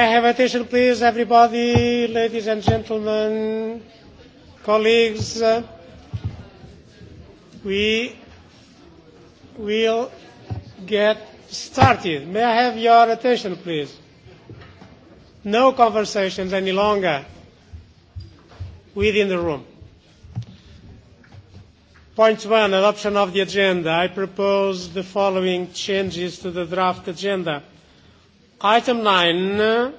May I have attention, please, everybody, ladies and gentlemen, colleagues? We will get started. May I have your attention, please? No conversations any longer within the room. Point one, adoption of the agenda. I propose the following changes to the draft agenda Item 9,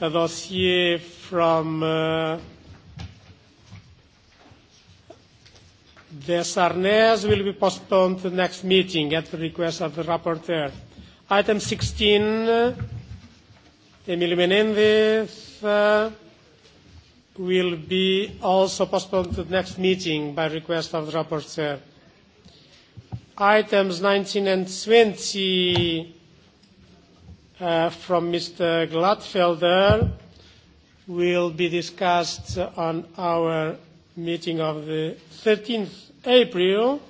a dossier from uh, SARNES will be postponed to the next meeting at the request of the rapporteur. Item 16, Emil Menendez uh, will be also postponed to the next meeting by request of the rapporteur. Items 19 and 20 uh, from Mr. Gladfelder will be discussed on our meeting of the 13th April.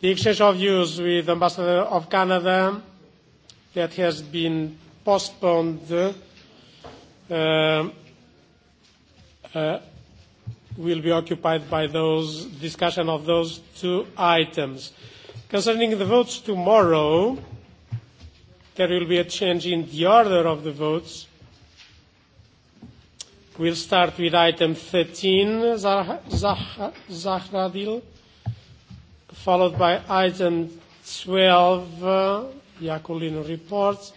the exchange of views with the Ambassador of Canada that has been postponed will be occupied by those discussion of those two items. Concerning the votes tomorrow, there will be a change in the order of the votes. We'll start with item 13, Zahradil, followed by item 12, uh, Iacolino report,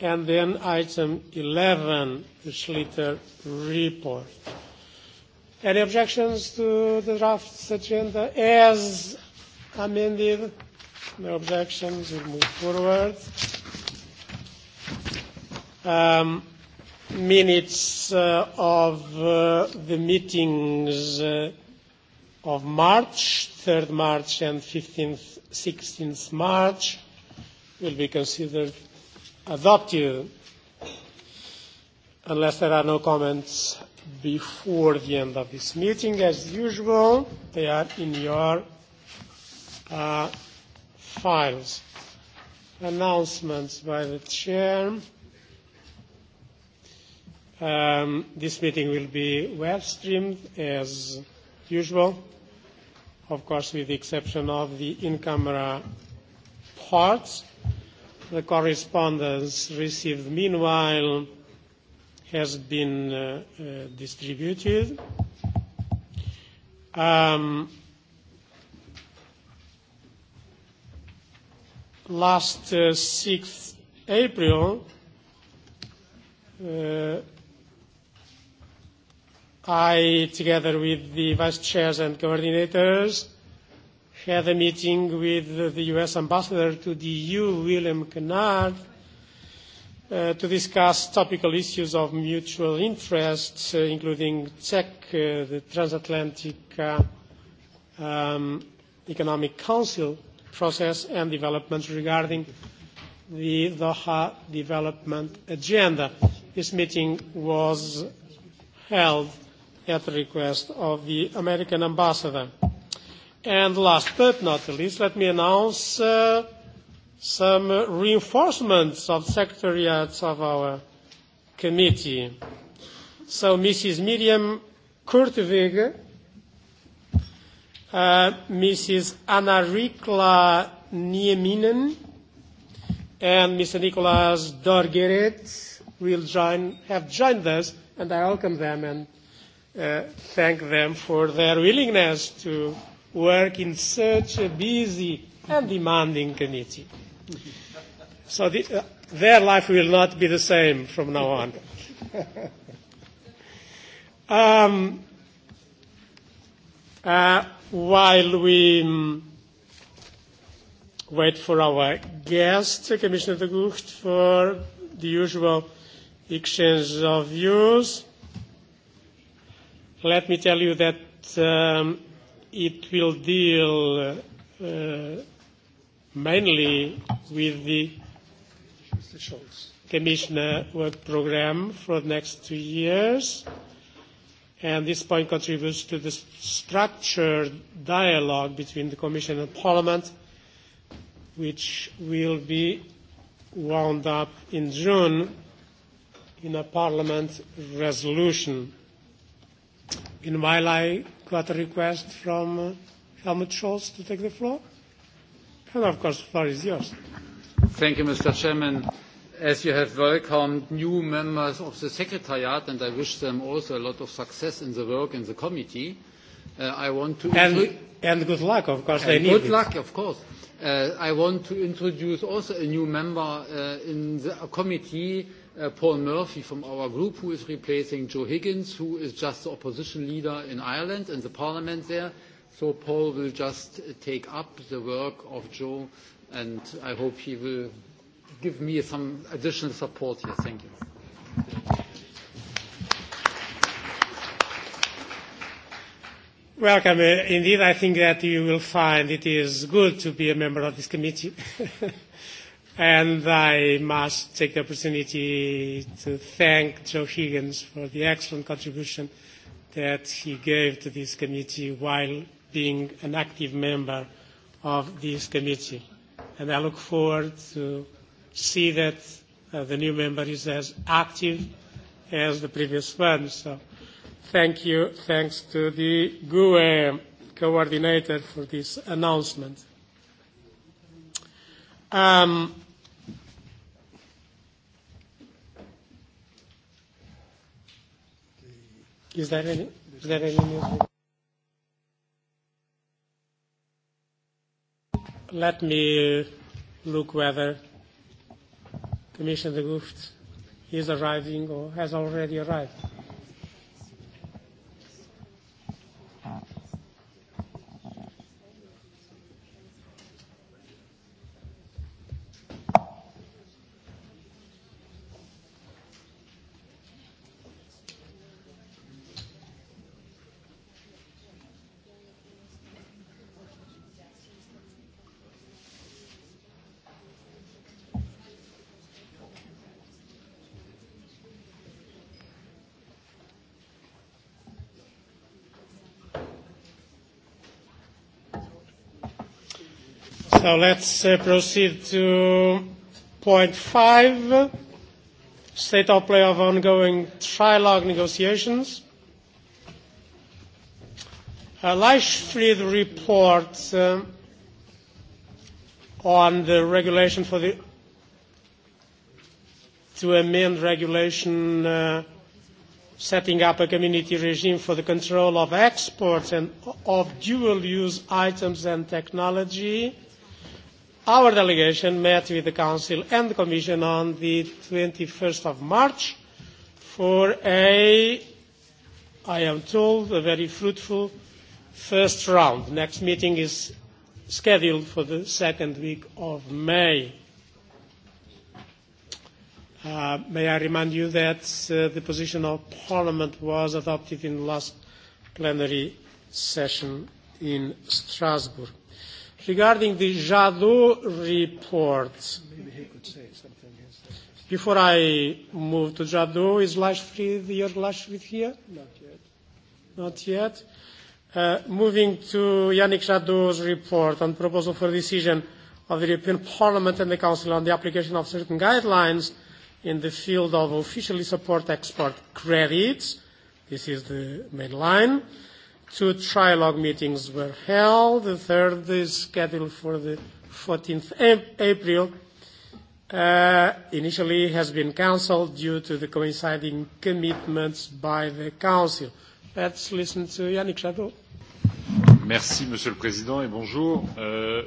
and then item 11, the Schlitter report. Any objections to the draft agenda as amended? No objections. We'll move forward. Um, minutes uh, of uh, the meetings uh, of March, 3rd March and 15th, 16th March will be considered adopted unless there are no comments before the end of this meeting. As usual, they are in your uh, files. Announcements by the chair. Um, this meeting will be web streamed as usual, of course, with the exception of the in-camera parts. The correspondence received meanwhile has been distributed. Last 6th April, I, together with the vice chairs and coordinators, had a meeting with the U.S. ambassador to the EU, William Kennard, to discuss topical issues of mutual interest, including CEC, the Transatlantic Economic Council process and developments regarding the Doha Development Agenda. This meeting was held at the request of the American ambassador. And last but not least, let me announce uh, some reinforcements of secretariats of our committee. So Mrs. Miriam Kurtwig, uh, Mrs. Anna Rikla Nieminen, and Mr. Nicolas Dorgeret will join, have joined us, and I welcome them and uh, thank them for their willingness to work in such a busy and demanding committee. So the, uh, their life will not be the same from now on. um, uh, while we um, wait for our guest, Commissioner de Gucht, for the usual exchange of views, let me tell you that um, it will deal uh, mainly with the Commissioner Work Programme for the next two years. And this point contributes to the structured dialogue between the Commission and Parliament, which will be wound up in June in a Parliament resolution. Meanwhile, I got a request from Helmut Scholz to take the floor. And of course, the floor is yours. Thank you, Mr. Chairman. As you have welcomed new members of the Secretariat, and I wish them also a lot of success in the work in the committee, I want to... And, and good luck, of course. And good luck, of course. I want to introduce also a new member in the committee, Paul Murphy from our group, who is replacing Joe Higgins, who is just the opposition leader in Ireland, and the parliament there So Paul will just take up the work of Joe, and I hope he will give me some additional support here. Thank you. Welcome. Indeed, I think that you will find it is good to be a member of this committee. and I must take the opportunity to thank Joe Higgins for the excellent contribution that he gave to this committee while being an active member of this committee. And I look forward to see that uh, the new member is as active as the previous one. So thank you. Thanks to the GUE coordinator for this announcement. Um, is there any? Is there any news? Let me look whether Commissioner de Gucht is arriving or has already arrived. Now let's uh, proceed to point five, state of play of ongoing trilogue negotiations. Uh, Leichfried report uh, on the regulation for the to amend regulation uh, setting up a community regime for the control of exports and of dual-use items and technology Our delegation met with the Council and the Commission on the 21st of March for a, I am told, a very fruitful first round. Next meeting is scheduled for the second week of May. Uh, may I remind you that uh, the position of Parliament was adopted in the last plenary session in Strasbourg. Regarding the Jadot report, before I move to Jadot, is Lashfrid, your Lashfrid here? Not yet. Not yet. Uh, moving to Yannick Jadot's report on proposal for decision of the European Parliament and the Council on the application of certain guidelines in the field of officially support export credits. This is the main line Two trilogue meetings were held. The third is scheduled for the 14th April. Uh, initially has been cancelled due to the coinciding commitments by the Council. Let's listen to Yannick Chateau. Merci, Monsieur le Président, et bonjour. Euh,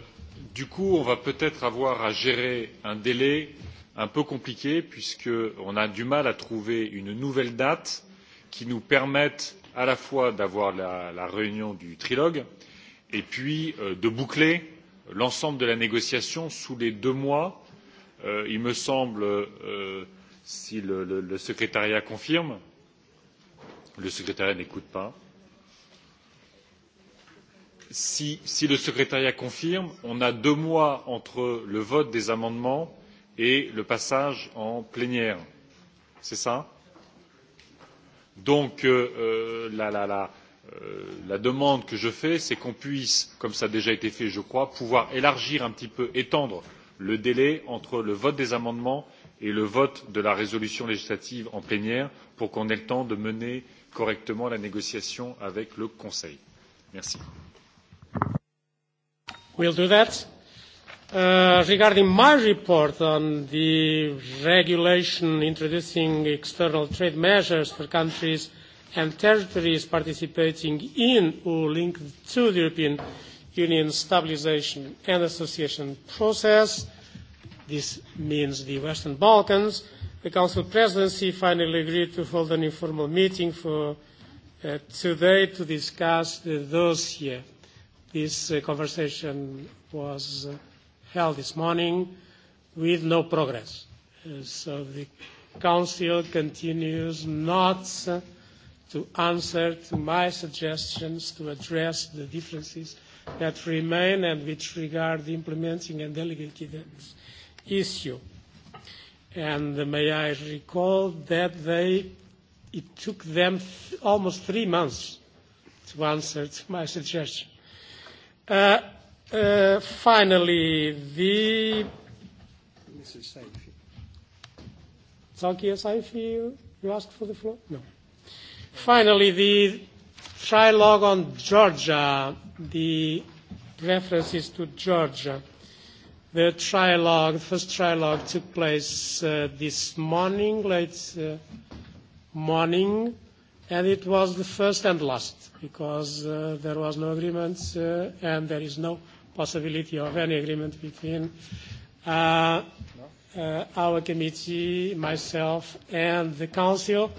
du coup, on va peut-être avoir à gérer un délai un peu compliqué puisqu'on a du mal à trouver une nouvelle date qui nous permette à la fois d'avoir la, réunion du trilogue et puis de boucler l'ensemble de la négociation sous les deux mois. il me semble, si le, secrétariat confirme, le secrétariat n'écoute pas. Si, le secrétariat confirme, on a deux mois entre le vote des amendements et le passage en plénière. C'est ça donc la demande que je fais c'est qu'on puisse comme cela a déjà été fait je crois pouvoir élargir un petit peu étendre le délai entre le vote des amendements et le vote de la résolution législative en plénière pour qu'on ait le temps de mener correctement la négociation avec le conseil. merci. Uh, regarding my report on the regulation introducing external trade measures for countries and territories participating in or linked to the European Union stabilisation and association process, this means the Western Balkans, the Council Presidency finally agreed to hold an informal meeting for uh, today to discuss the dossier. This uh, conversation was uh, held this morning with no progress. So the Council continues not to answer to my suggestions to address the differences that remain and which regard the implementing and delegated issue. And may I recall that they, it took them th- almost three months to answer to my suggestion. Uh, Uh, finally, the Mrs. Saifi. Zakia Saifi, you asked for the floor? No. Finally, the trilogue on Georgia, the references to Georgia. The trilogue, the first trilogue took place uh, this morning, late uh, morning, and it was the first and last because uh, there was no agreement uh, and there is no possibility of any agreement between uh, uh, our committee, myself, and the Council.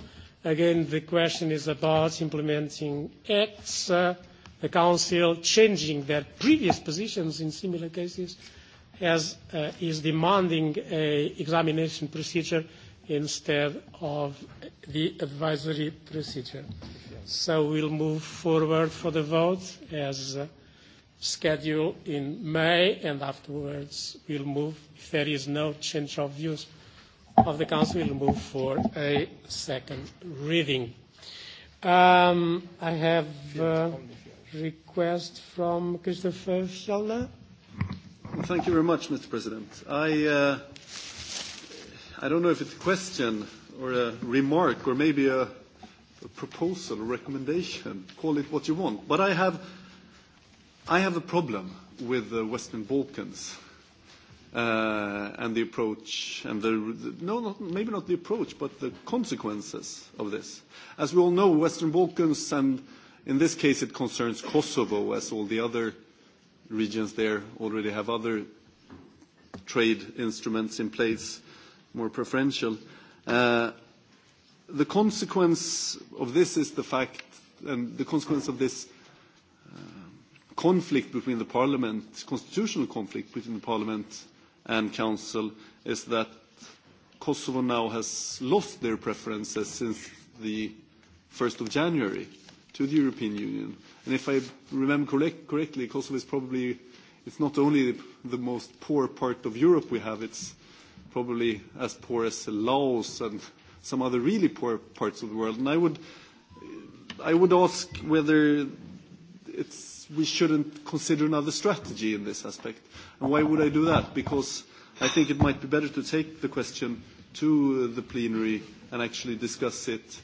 Again, the question is about implementing acts, uh, the Council changing their previous positions in similar cases, as uh, is demanding an examination procedure instead of the advisory procedure. So we'll move forward for the vote as schedule in May, and afterwards we'll move, if there is no change of views of the Council, we'll move for a second reading. Um, I have a request from Christopher Scholler. Thank you very much, Mr. President. I, uh, I don't know if it's a question or a remark or maybe a, a proposal, a recommendation, call it what you want, but I have I have a problem with the Western Balkans uh, and the approach and the, the no, not, maybe not the approach, but the consequences of this. As we all know, Western Balkans and in this case it concerns Kosovo, as all the other regions there already have other trade instruments in place, more preferential. Uh, the consequence of this is the fact, and the consequence of this conflict between the parliament, constitutional conflict between the parliament and council is that Kosovo now has lost their preferences since the 1st of January to the European Union. And if I remember correct, correctly, Kosovo is probably, it's not only the most poor part of Europe we have, it's probably as poor as Laos and some other really poor parts of the world. And I would, I would ask whether it's we shouldn't consider another strategy in this aspect. And why would I do that? Because I think it might be better to take the question to the plenary and actually discuss it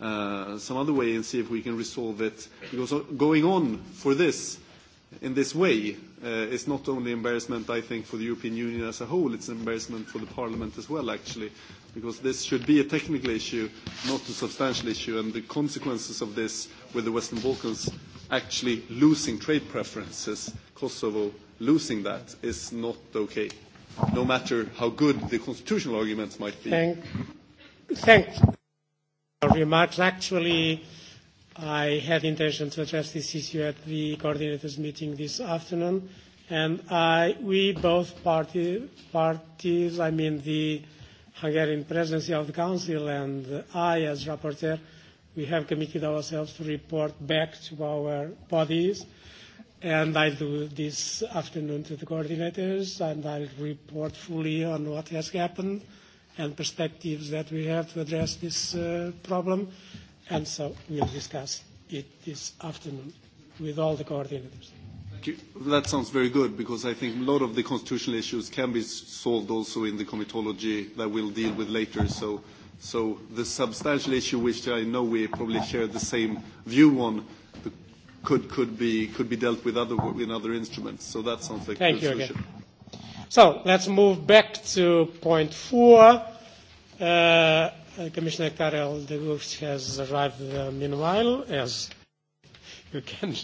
uh, some other way and see if we can resolve it. Because going on for this in this way uh, is not only embarrassment, I think, for the European Union as a whole, it's an embarrassment for the Parliament as well, actually, because this should be a technical issue, not a substantial issue, and the consequences of this with the Western Balkans actually losing trade preferences, Kosovo losing that is not okay, no matter how good the constitutional arguments might be. Thank, thank your remarks. Actually, I had intention to address this issue at the coordinators' meeting this afternoon, and I, we both party, parties, I mean the Hungarian presidency of the Council and I as rapporteur, we have committed ourselves to report back to our bodies, and I do this afternoon to the coordinators, and I'll report fully on what has happened and perspectives that we have to address this uh, problem, and so we'll discuss it this afternoon with all the coordinators. Thank you. That sounds very good because I think a lot of the constitutional issues can be solved also in the comitology that we'll deal with later. So So the substantial issue, which I know we probably share the same view on, could could be could be dealt with other in other instruments. So that sounds like a good you Again. So let's move back to point four. Commissioner Karel de Gucht has arrived meanwhile, as you can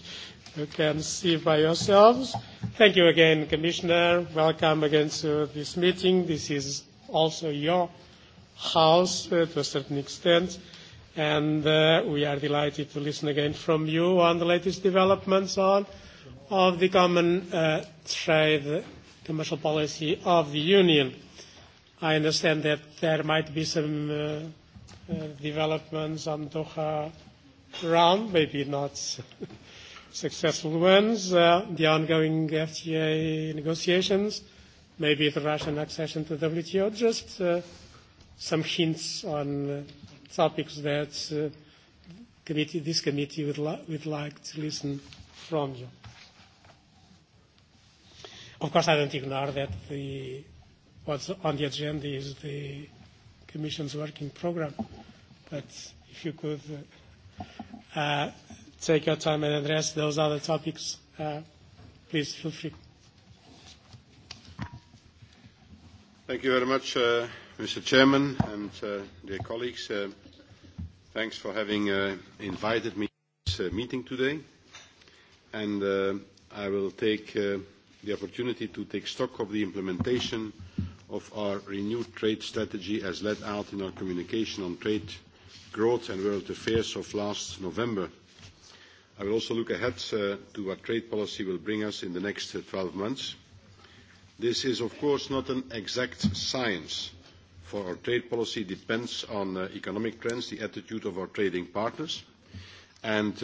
you can see by yourselves. Thank you again, Commissioner. Welcome again to this meeting. This is also your House to a certain extent, and we are delighted to listen again from you on the latest developments on of the common uh trade commercial policy of the Union. I understand that there might be some uh developments on Doha round, maybe not successful ones, uh the ongoing FTA negotiations, maybe the Russian accession to WTO, just uh some hints on topics that committee, this committee would, li- would like to listen from you. Of course, I don't ignore that the, what's on the agenda is the Commission's working program, but if you could uh, take your time and address those other topics, uh, please feel free. Thank you very much. Uh, Mr. Chairman and uh, dear colleagues, uh, thanks for having uh, invited me to this uh, meeting today. And uh, I will take uh, the opportunity to take stock of the implementation of our renewed trade strategy as laid out in our communication on trade, growth and world affairs of last November. I will also look ahead to what trade policy will bring us in the next twelve months. This is, of course, not an exact science, for our trade policy depends on economic trends, the attitude of our trading partners, and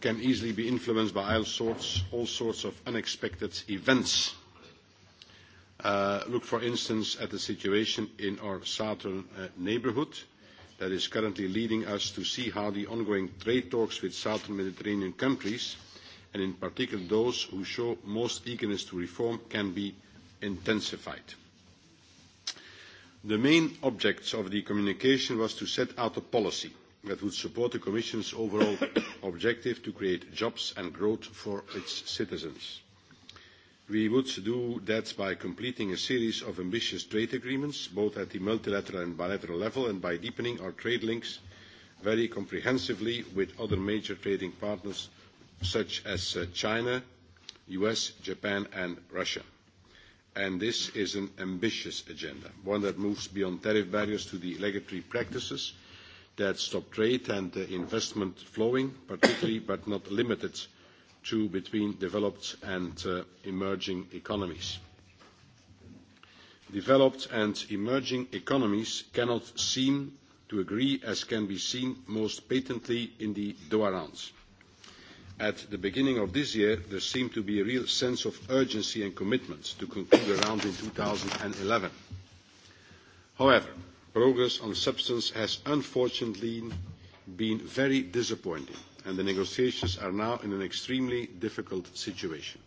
can easily be influenced by all sorts, all sorts of unexpected events. look, for instance, at the situation in our southern neighbourhood that is currently leading us to see how the ongoing trade talks with southern Mediterranean countries – and in particular those who show most eagerness to reform, can be intensified. The main object of the communication was to set out a policy that would support the Commission's overall objective to create jobs and growth for its citizens. We would do that by completing a series of ambitious trade agreements, both at the multilateral and bilateral level, and by deepening our trade links very comprehensively with other major trading partners such as China, US, Japan, and Russia. And this is an ambitious agenda, one that moves beyond tariff barriers to the legatory practices that stop trade and investment flowing, particularly but not limited to between developed and emerging economies. Developed and emerging economies cannot seem to agree, as can be seen most patently in the Doha rounds At the beginning of this year, there seemed to be a real sense of urgency and commitment to conclude the round in eleven. However, progress on substance has unfortunately been very disappointing, and the negotiations are now in an extremely difficult situation.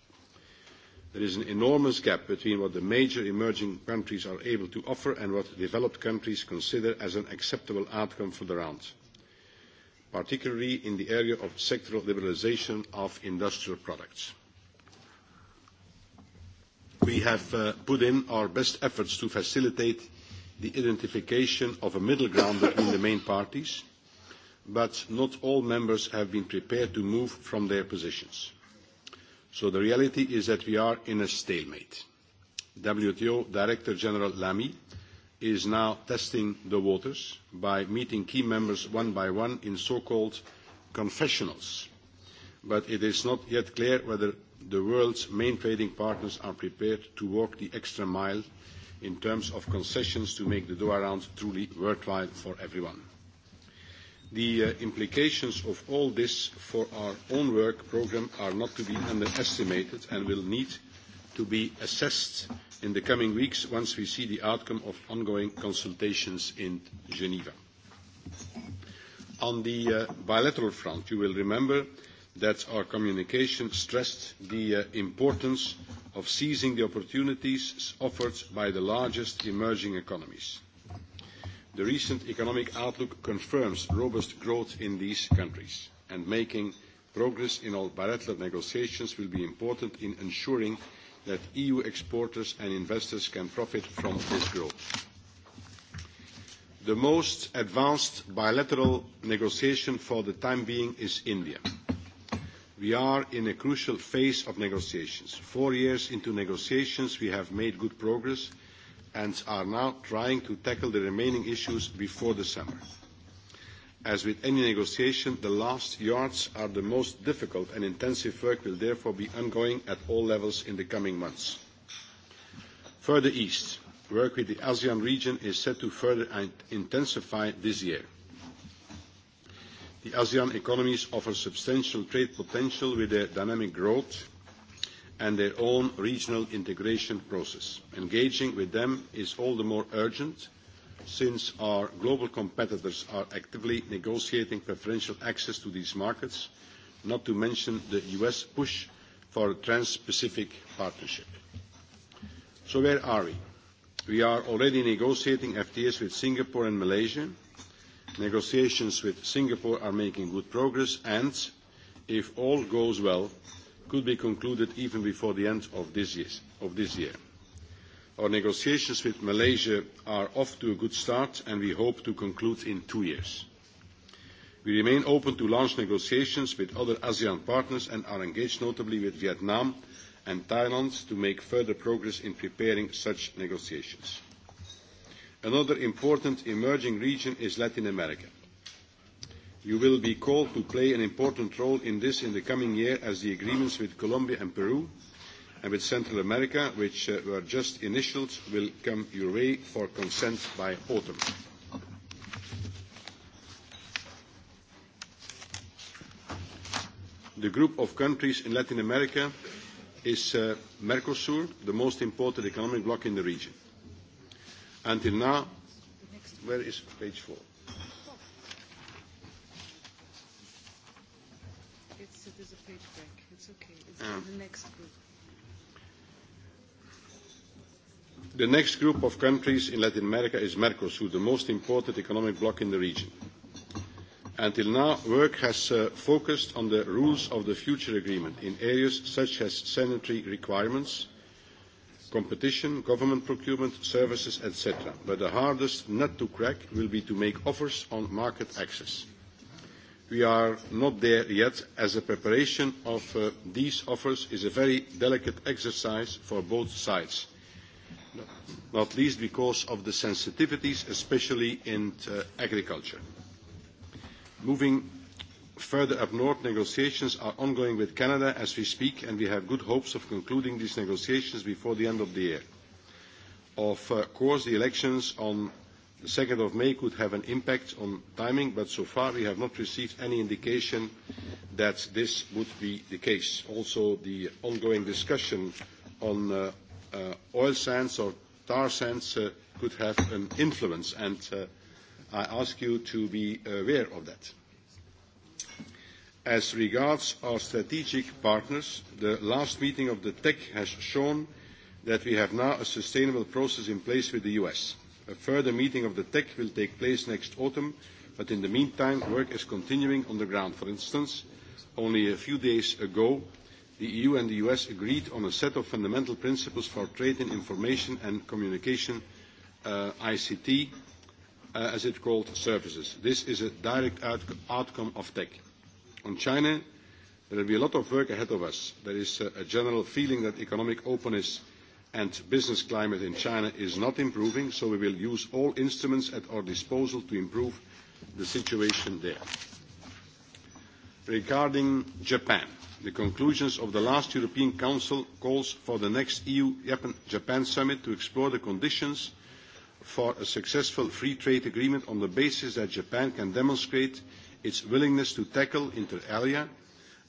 There is an enormous gap between what the major emerging countries are able to offer and what developed countries consider as an acceptable outcome for the round particularly in the area of sectoral liberalisation of industrial products. We have put in our best efforts to facilitate the identification of a middle ground between the main parties, but not all members have been prepared to move from their positions. So the reality is that we are in a stalemate. WTO Director General Lamy is now testing the waters by meeting key members one by one in so-called confessionals. But it is not yet clear whether the world's main trading partners are prepared to walk the extra mile in terms of concessions to make the Doha round truly worthwhile for everyone. The implications of all this for our own work programme are not to be underestimated and will need to be assessed in the coming weeks once we see the outcome of ongoing consultations in Geneva. On the bilateral front, you will remember that our communication stressed the importance of seizing the opportunities offered by the largest emerging economies. The recent economic outlook confirms robust growth in these countries, and making progress in all bilateral negotiations will be important in ensuring that EU exporters and investors can profit from this growth. The most advanced bilateral negotiation for the time being is India. We are in a crucial phase of negotiations. Four years into negotiations, we have made good progress and are now trying to tackle the remaining issues before the summer. As with any negotiation, the last yards are the most difficult, and intensive work will therefore be ongoing at all levels in the coming months. Further east, work with the ASEAN region is set to further intensify this year. The ASEAN economies offer substantial trade potential with their dynamic growth and their own regional integration process. Engaging with them is all the more urgent since our global competitors are actively negotiating preferential access to these markets, not to mention the U.S. push for a trans-Pacific partnership. So where are we? We are already negotiating FTAs with Singapore and Malaysia. Negotiations with Singapore are making good progress and, if all goes well, could be concluded even before the end of this year. Our negotiations with Malaysia are off to a good start, and we hope to conclude in two years. We remain open to launch negotiations with other ASEAN partners and are engaged notably with Vietnam and Thailand to make further progress in preparing such negotiations. Another important emerging region is Latin America. You will be called to play an important role in this in the coming year as the agreements with Colombia and Peru and with Central America, which were just initialed, will come your way for consent by autumn. The group of countries in Latin America is Mercosur, the most important economic bloc in the region. Until now, where is page four? It's, a page It's okay. It's the next group. The next group of countries in Latin America is Mercosur, the most important economic bloc in the region. Until now, work has focused on the rules of the future agreement in areas such as sanitary requirements, competition, government procurement, services, etc. But the hardest nut to crack will be to make offers on market access. We are not there yet, as the preparation of these offers is a very delicate exercise for both sides not least because of the sensitivities, especially in agriculture. Moving further up north, negotiations are ongoing with Canada as we speak, and we have good hopes of concluding these negotiations before the end of the year. Of course, the elections on the second of May could have an impact on timing, but so far we have not received any indication that this would be the case. Also, the ongoing discussion on oil sands or tar sands could have an influence, and I ask you to be aware of that. As regards our strategic partners, the last meeting of the TEC has shown that we have now a sustainable process in place with the U.S. A further meeting of the TEC will take place next autumn, but in the meantime, work is continuing on the ground. For instance, only a few days ago, the EU and the US agreed on a set of fundamental principles for trade in information and communication, ICT, as it is called, services. This is a direct outcome of TEC. On China, there will be a lot of work ahead of us. There is a general feeling that economic openness and business climate in China is not improving, so we will use all instruments at our disposal to improve the situation there. Regarding Japan, the conclusions of the last European Council calls for the next EU-Japan summit to explore the conditions for a successful free trade agreement on the basis that Japan can demonstrate its willingness to tackle, inter alia,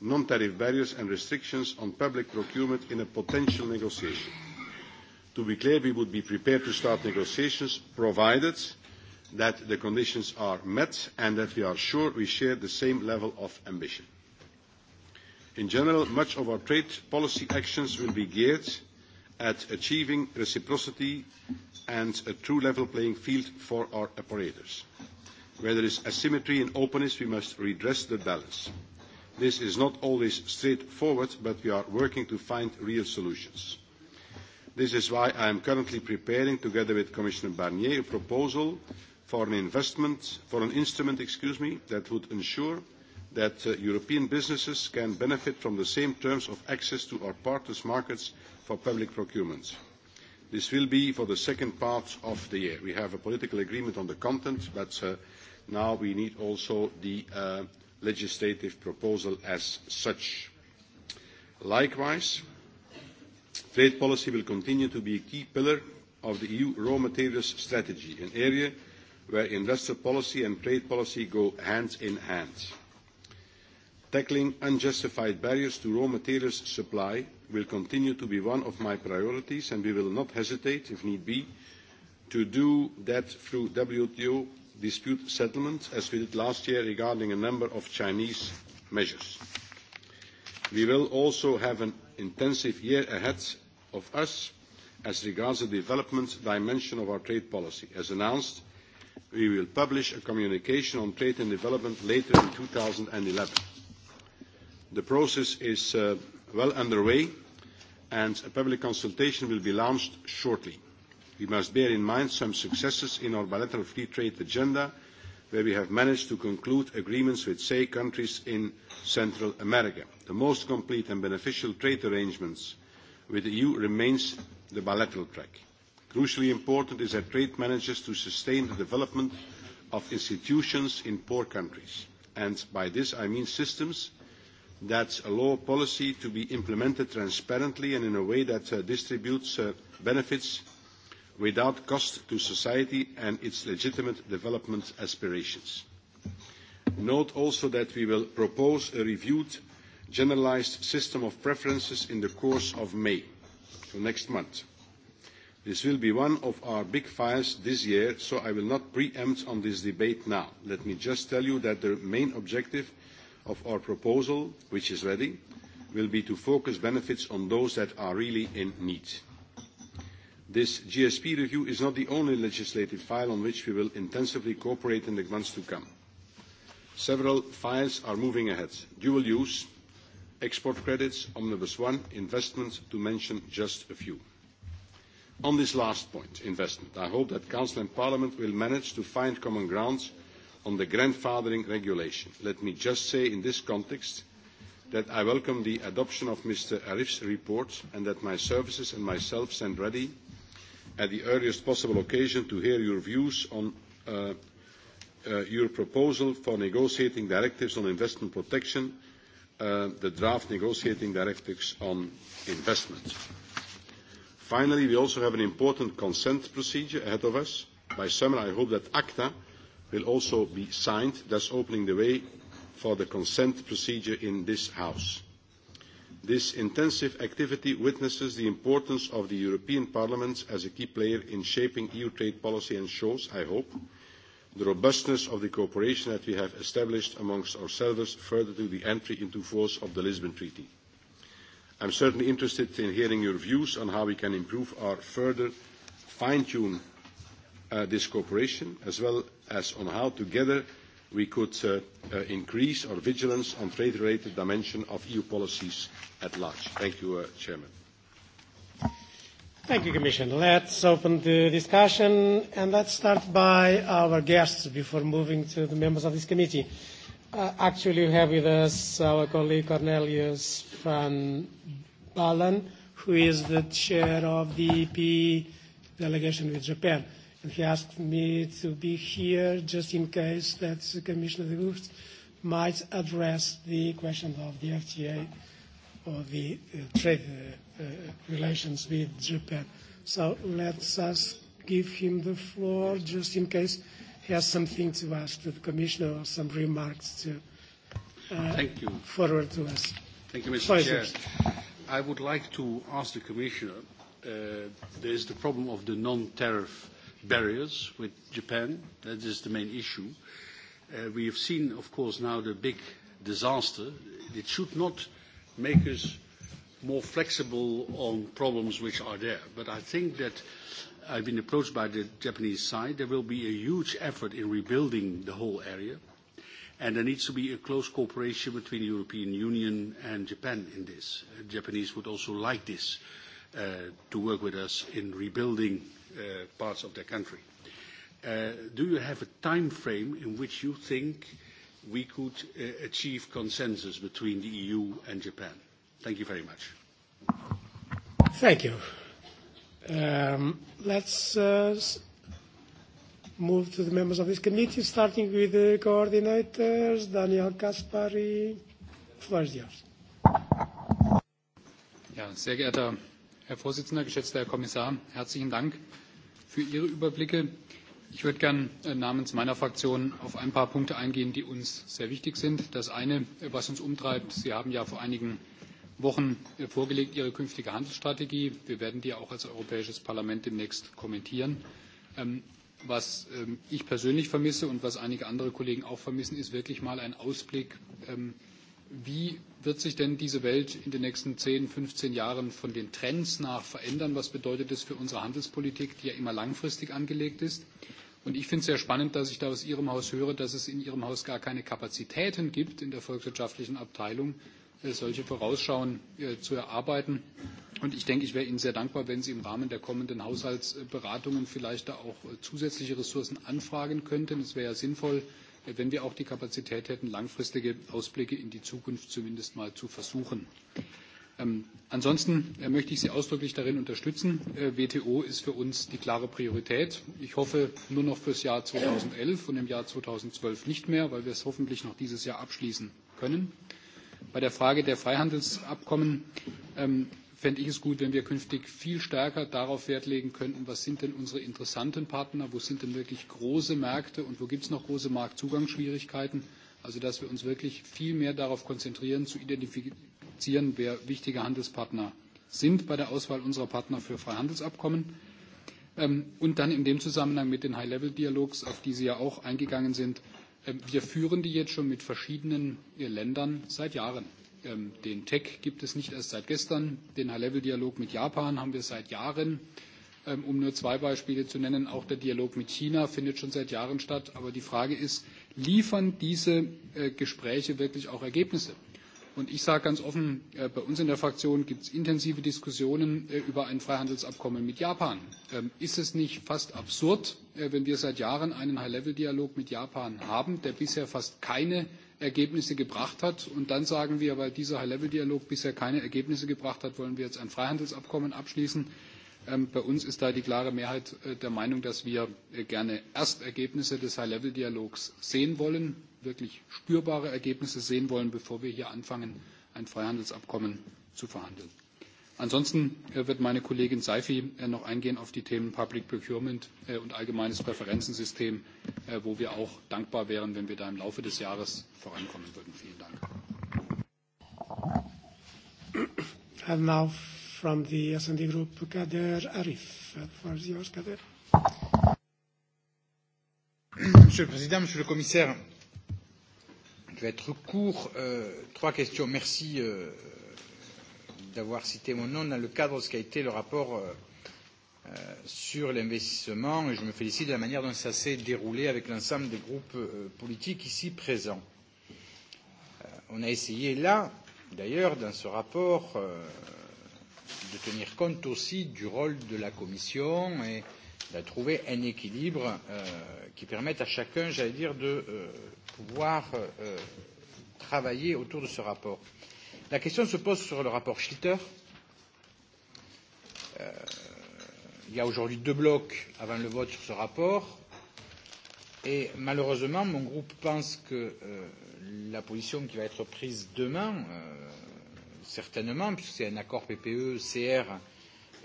non-tariff barriers and restrictions on public procurement in a potential negotiation. To be clear, we would be prepared to start negotiations provided that the conditions are met and that we are sure we share the same level of ambition. In general, much of our trade policy actions will be geared at achieving reciprocity and a true level playing field for our operators. Where there is asymmetry and openness, we must redress the balance. This is not always straightforward, but we are working to find real solutions. This is why I am currently preparing, together with Commissioner Barnier, a proposal for an investment, for an instrument, excuse me, that would ensure that European businesses can benefit from the same terms of access to our partners' markets for public procurement. This will be for the second part of the year. We have a political agreement on the content, but now we need also the legislative proposal as such. Likewise, trade policy will continue to be a key pillar of the EU raw materials strategy, an area where investor policy and trade policy go hand in hand. Tackling unjustified barriers to raw materials supply will continue to be one of my priorities, and we will not hesitate, if need be, to do that through WTO dispute settlement, as we did last year regarding a number of Chinese measures. We will also have an intensive year ahead of us as regards the development dimension of our trade policy. As announced, we will publish a communication on trade and development later in eleven. The process is well underway, and a public consultation will be launched shortly. We must bear in mind some successes in our bilateral free trade agenda, where we have managed to conclude agreements with, say, countries in Central America. The most complete and beneficial trade arrangements with the EU remains the bilateral track Crucially important is that trade manages to sustain the development of institutions in poor countries. And by this I mean systems that allow policy to be implemented transparently and in a way that distributes benefits without cost to society and its legitimate development aspirations. Note also that we will propose a reviewed generalised system of preferences in the course of May, next month This will be one of our big files this year, so I will not preempt on this debate now. Let me just tell you that the main objective of our proposal, which is ready, will be to focus benefits on those that are really in need. This GSP review is not the only legislative file on which we will intensively cooperate in the months to come. Several files are moving ahead. Dual use, export credits, Omnibus One, investment, to mention just a few. On this last point, investment, I hope that Council and Parliament will manage to find common ground on the grandfathering regulation. Let me just say in this context that I welcome the adoption of Mr. Arif's report and that my services and myself stand ready at the earliest possible occasion to hear your views on your proposal for negotiating directives on investment protection, the draft negotiating directives on investment. Finally, we also have an important consent procedure ahead of us. By summer, I hope that ACTA will also be signed, thus opening the way for the consent procedure in this House. This intensive activity witnesses the importance of the European Parliament as a key player in shaping EU trade policy and shows, I hope, the robustness of the cooperation that we have established amongst ourselves further to the entry into force of the Lisbon Treaty. I am certainly interested in hearing your views on how we can improve or further fine-tune this cooperation, as well as on how together we could increase our vigilance on the trade-related dimension of EU policies at large. Thank you, Chairman. Thank you, Commissioner. Let's open the discussion, and let's start by our guests before moving to the members of this committee. Actually, we have with us our colleague Cornelius van Balen, who is the chair of the EP delegation with Japan. And he asked me to be here just in case that Commissioner de Gucht might address the question of the FTA or the uh, trade uh, relations with Japan. So let's us give him the floor just in case has something to ask to the Commissioner or some remarks to uh, Thank you. forward to us. Thank you, Mr. Pleasure. Chair. I would like to ask the Commissioner, uh, there is the problem of the non-tariff barriers with Japan. That is the main issue. Uh, we have seen, of course, now the big disaster. It should not make us more flexible on problems which are there. But I think that I've been approached by the Japanese side. There will be a huge effort in rebuilding the whole area, and there needs to be a close cooperation between the European Union and Japan in this. The Japanese would also like this to work with us in rebuilding parts of their country. Do you have a time frame in which you think we could achieve consensus between the EU and Japan? Thank you very much. Thank you. Um, let's uh, move to the members of this committee, starting with the coordinators. Daniel Kaspari, floor is yours. Ja, sehr geehrter Herr Vorsitzender, geschätzter Herr Kommissar, herzlichen Dank für Ihre Überblicke. Ich würde gern namens meiner Fraktion auf ein paar Punkte eingehen, die uns sehr wichtig sind. Das eine, was uns umtreibt, Sie haben ja vor einigen Wochen vorgelegt, ihre künftige Handelsstrategie. Wir werden die auch als Europäisches Parlament demnächst kommentieren. Was ich persönlich vermisse und was einige andere Kollegen auch vermissen, ist wirklich mal ein Ausblick, wie wird sich denn diese Welt in den nächsten zehn, 15 Jahren von den Trends nach verändern? Was bedeutet das für unsere Handelspolitik, die ja immer langfristig angelegt ist? Und ich finde es sehr spannend, dass ich da aus Ihrem Haus höre, dass es in Ihrem Haus gar keine Kapazitäten gibt in der volkswirtschaftlichen Abteilung, solche Vorausschauen zu erarbeiten. Und ich denke, ich wäre Ihnen sehr dankbar, wenn Sie im Rahmen der kommenden Haushaltsberatungen vielleicht da auch zusätzliche Ressourcen anfragen könnten. Es wäre ja sinnvoll, wenn wir auch die Kapazität hätten, langfristige Ausblicke in die Zukunft zumindest mal zu versuchen. Ansonsten möchte ich Sie ausdrücklich darin unterstützen. WTO ist für uns die klare Priorität. Ich hoffe nur noch für das Jahr 2011 und im Jahr 2012 nicht mehr, weil wir es hoffentlich noch dieses Jahr abschließen können. Bei der Frage der Freihandelsabkommen fände ich es gut, wenn wir künftig viel stärker darauf Wert legen könnten, was sind denn unsere interessanten Partner, wo sind denn wirklich große Märkte und wo gibt es noch große Marktzugangsschwierigkeiten. Also dass wir uns wirklich viel mehr darauf konzentrieren, zu identifizieren, wer wichtige Handelspartner sind bei der Auswahl unserer Partner für Freihandelsabkommen. Und dann in dem Zusammenhang mit den High-Level-Dialogs, auf die Sie ja auch eingegangen sind, Wir führen die jetzt schon mit verschiedenen Ländern seit Jahren. Den TEC gibt es nicht erst seit gestern. Den High-Level-Dialog mit Japan haben wir seit Jahren. Um nur zwei Beispiele zu nennen, auch der Dialog mit China findet schon seit Jahren statt. Aber die Frage ist, liefern diese Gespräche wirklich auch Ergebnisse? Und ich sage ganz offen, bei uns in der Fraktion gibt es intensive Diskussionen über ein Freihandelsabkommen mit Japan. Ist es nicht fast absurd, wenn wir seit Jahren einen High-Level-Dialog mit Japan haben, der bisher fast keine Ergebnisse gebracht hat. Und dann sagen wir, weil dieser High-Level-Dialog bisher keine Ergebnisse gebracht hat, wollen wir jetzt ein Freihandelsabkommen abschließen. Bei uns ist da die klare Mehrheit der Meinung, dass wir gerne erst Ergebnisse des High-Level-Dialogs sehen wollen wirklich spürbare Ergebnisse sehen wollen, bevor wir hier anfangen, ein Freihandelsabkommen zu verhandeln. Ansonsten wird meine Kollegin Seifi noch eingehen auf die Themen Public Procurement und allgemeines Präferenzensystem, wo wir auch dankbar wären, wenn wir da im Laufe des Jahres vorankommen würden. Vielen Dank. And now from the S&D Group, Kader Arif. For yours, Kader. Monsieur le Président, Monsieur le Commissaire, Je vais être court. Euh, trois questions. Merci euh, d'avoir cité mon nom dans le cadre de ce qu'a été le rapport euh, sur l'investissement. Et je me félicite de la manière dont ça s'est déroulé avec l'ensemble des groupes euh, politiques ici présents. Euh, on a essayé là, d'ailleurs, dans ce rapport, euh, de tenir compte aussi du rôle de la Commission et de trouver un équilibre euh, qui permette à chacun, j'allais dire, de. Euh, pouvoir travailler autour de ce rapport. La question se pose sur le rapport Schlitter. il y a aujourd'hui deux blocs avant le vote sur ce rapport. Et malheureusement, mon groupe pense que la position qui va être prise demain, certainement, puisque c'est un accord PPE, CR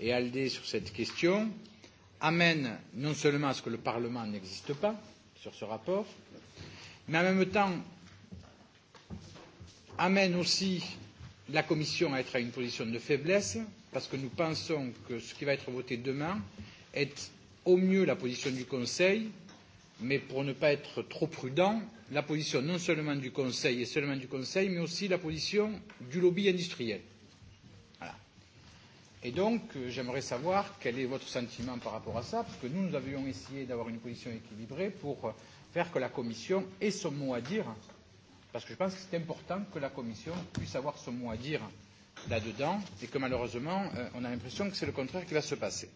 et ALDE sur cette question, amène non seulement à ce que le Parlement n'existe pas sur ce rapport, mais en même temps amène aussi la Commission à être à une position de faiblesse, parce que nous pensons que ce qui va être voté demain est au mieux la position du Conseil, mais pour ne pas être trop prudent, la position non seulement du Conseil et seulement du Conseil, mais aussi la position du lobby industriel. Voilà. Et donc, j'aimerais savoir quel est votre sentiment par rapport à ça, parce que nous, nous avions essayé d'avoir une position équilibrée pour faire que la Commission ait son mot à dire, parce que je pense que c'est important que la Commission puisse avoir son mot à dire là-dedans, et que malheureusement, on a l'impression que c'est le contraire qui va se passer.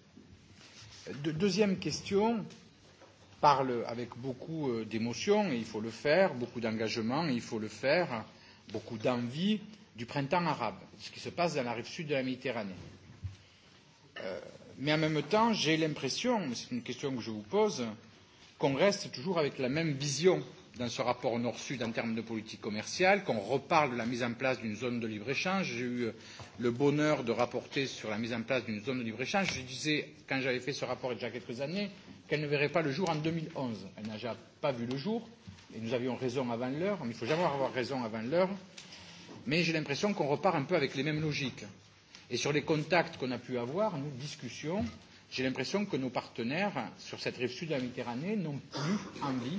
deuxième question, parle avec beaucoup d'émotion, et il faut le faire, beaucoup d'engagement, et il faut le faire, beaucoup d'envie du printemps arabe, ce qui se passe dans la rive sud de la Méditerranée. mais en même temps, j'ai l'impression, c'est une question que je vous pose, qu'on reste toujours avec la même vision dans ce rapport Nord-Sud en termes de politique commerciale, qu'on reparle de la mise en place d'une zone de libre-échange. J'ai eu le bonheur de rapporter sur la mise en place d'une zone de libre-échange. Je disais, quand j'avais fait ce rapport il y a quelques années, qu'elle ne verrait pas le jour en 2011. Elle n'a déjà pas vu le jour, et nous avions raison avant l'heure. Il ne faut jamais avoir raison avant l'heure. Mais j'ai l'impression qu'on repart un peu avec les mêmes logiques. Et sur les contacts qu'on a pu avoir, nous, discussions, J'ai l'impression que nos partenaires sur cette rive sud de la Méditerranée n'ont plus envie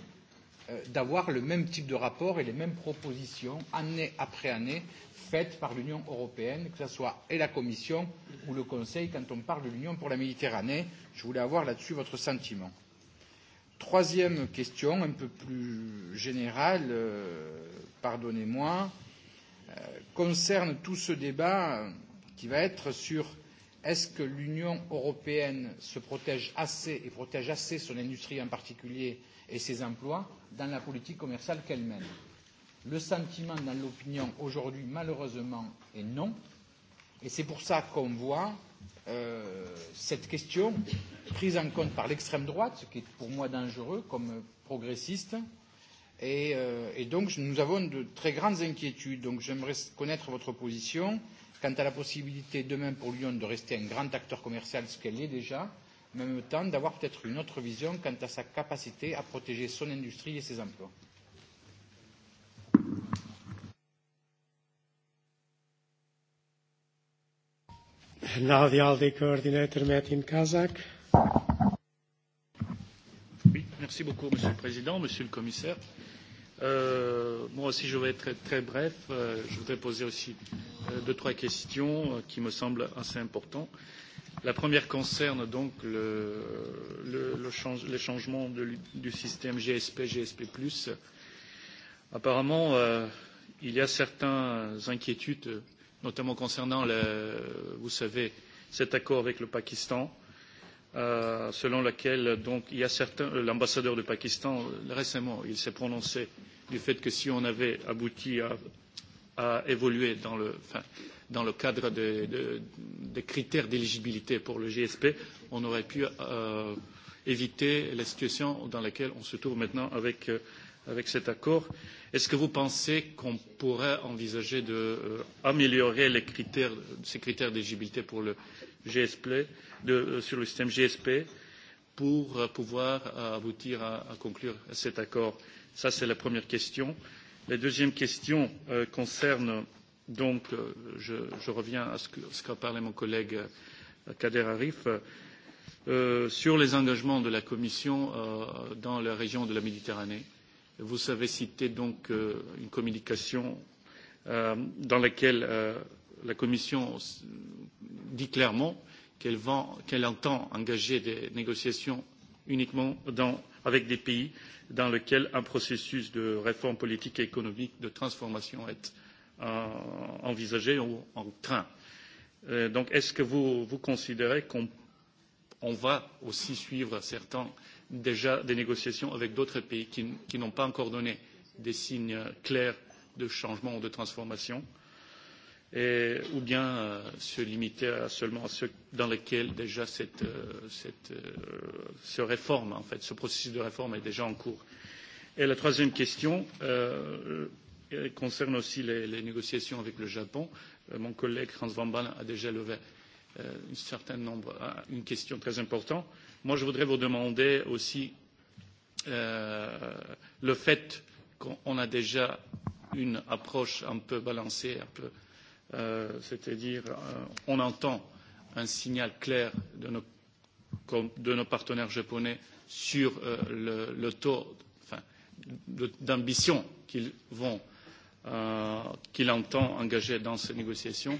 d'avoir le même type de rapport et les mêmes propositions année après année faites par l'Union européenne, que ce soit et la Commission ou le Conseil quand on parle de l'Union pour la Méditerranée. Je voulais avoir là-dessus votre sentiment. Troisième question, un peu plus générale, pardonnez-moi, concerne tout ce débat qui va être sur Est-ce que l'Union européenne se protège assez et protège assez son industrie en particulier et ses emplois dans la politique commerciale qu'elle mène Le sentiment dans l'opinion aujourd'hui, malheureusement, est non. Et c'est pour ça qu'on voit euh, cette question prise en compte par l'extrême droite, ce qui est pour moi dangereux comme progressiste. Et, euh, et donc nous avons de très grandes inquiétudes. Donc j'aimerais connaître votre position quant à la possibilité demain pour l'Union de rester un grand acteur commercial, ce qu'elle est déjà, mais en même temps d'avoir peut-être une autre vision quant à sa capacité à protéger son industrie et ses emplois. met in Kazakh. Oui, merci beaucoup, Monsieur le Président, Monsieur le Commissaire. Euh, moi aussi, je vais être très bref. je voudrais poser aussi deux, trois questions qui me semblent assez importantes. La première concerne donc le, changement du système GSP, GSP. Apparemment, il y a certaines inquiétudes, notamment concernant, vous savez, cet accord avec le Pakistan selon laquelle il y a certains l'ambassadeur du Pakistan récemment il s'est prononcé du fait que si on avait abouti à, évoluer dans le, cadre des critères d'éligibilité pour le GSP, on aurait pu éviter la situation dans laquelle on se trouve maintenant avec, cet accord. Est-ce que vous pensez qu'on pourrait envisager d'améliorer ces critères d'éligibilité pour le sur le système GSP pour pouvoir aboutir à, à conclure cet accord Ça, c'est la première question. La deuxième question concerne donc, je, reviens à ce qu'a parlé mon collègue Kader Arif, sur les engagements de la Commission dans la région de la Méditerranée. Vous avez cité donc une communication dans laquelle la Commission dit clairement qu'elle entend engager des négociations uniquement avec des pays dans lesquels un processus de réforme politique et économique de transformation est envisagé ou en train. Donc, est-ce que vous, considérez qu'on va aussi suivre certains déjà des négociations avec d'autres pays qui, n'ont pas encore donné des signes clairs de changement ou de transformation euh, ou bien se limiter à seulement à ceux dans lesquels déjà cette, cette, ce réforme, en fait, ce processus de réforme est déjà en cours. Et la troisième question concerne aussi les, négociations avec le Japon. mon collègue Hans Van Baalen a déjà levé un certain nombre, une question très importante. Moi, je voudrais vous demander aussi le fait qu'on a déjà une approche un peu balancée, un peu c'est-à-dire on entend un signal clair de nos, partenaires japonais sur le, taux d'ambition qu'ils vont qu'il entend engager dans ces négociations.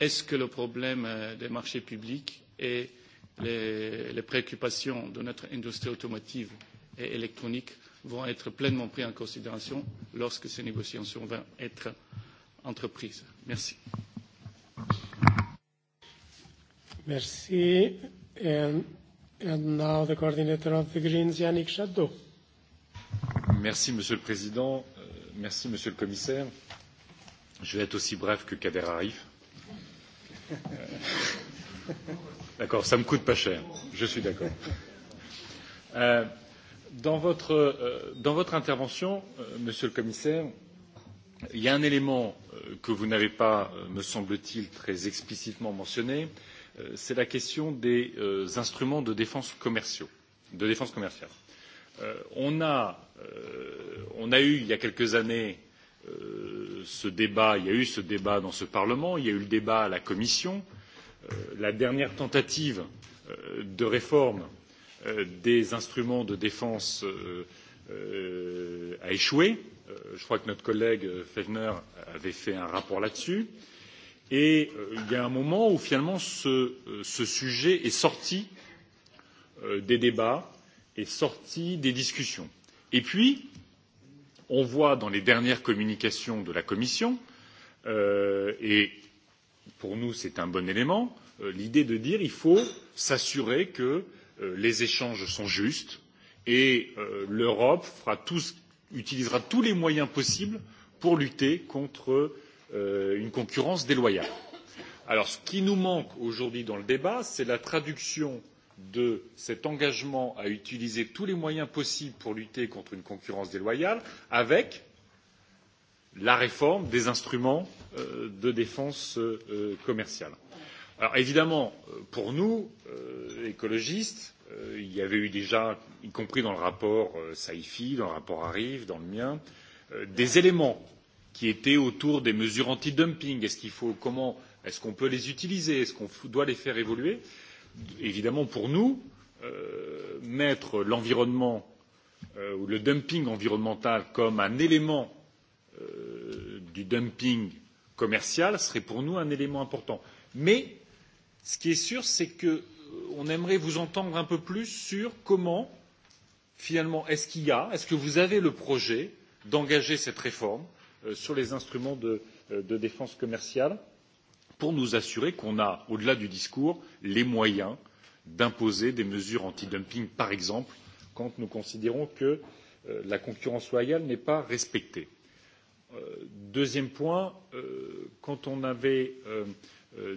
Est-ce que le problème des marchés publics et les, préoccupations de notre industrie automotive et électronique vont être pleinement pris en considération lorsque ces négociations vont être entreprises. Merci. Merci. And, and now the coordinator of the Greens, Yannick Jadot. Merci, Monsieur le Président. Merci, Monsieur le Commissaire. Je vais être aussi bref que Kader Arif. D'accord, ça me coûte pas cher. Je suis d'accord. dans, votre, dans votre intervention, Monsieur le Commissaire, il y a un élément que vous n'avez pas me semble t il très explicitement mentionné c'est la question des instruments de défense commerciale. on a eu il y a quelques années ce débat il y a eu ce débat dans ce parlement il y a eu le débat à la commission la dernière tentative de réforme des instruments de défense a échoué je crois que notre collègue fjellner avait fait un rapport là-dessus. Et il y a un moment où finalement ce, sujet est sorti des débats, est sorti des discussions. Et puis, on voit dans les dernières communications de la Commission, et pour nous c'est un bon élément, l'idée de dire qu'il faut s'assurer que les échanges sont justes et l'Europe fera tout ce utilisera tous les moyens possibles pour lutter contre une concurrence déloyale. Alors, ce qui nous manque aujourd'hui dans le débat, c'est la traduction de cet engagement à utiliser tous les moyens possibles pour lutter contre une concurrence déloyale avec la réforme des instruments de défense commerciale. Alors évidemment, pour nous, écologistes, il y avait eu déjà, y compris dans le rapport Saifi, dans le rapport Arrive, dans le mien, des éléments qui étaient autour des mesures anti-dumping. Est-ce qu'il faut, comment, est-ce qu'on peut les utiliser, est-ce qu'on doit les faire évoluer Évidemment, pour nous, mettre l'environnement ou le dumping environnemental comme un élément du dumping commercial serait pour nous un élément important. Mais Ce qui est sûr, c'est que on aimerait vous entendre un peu plus sur comment, finalement, est-ce qu'il y a, est-ce que vous avez le projet d'engager cette réforme sur les instruments de, défense commerciale pour nous assurer qu'on a, au-delà du discours, les moyens d'imposer des mesures antidumping, par exemple, quand nous considérons que la concurrence loyale n'est pas respectée. Deuxième point, quand on avait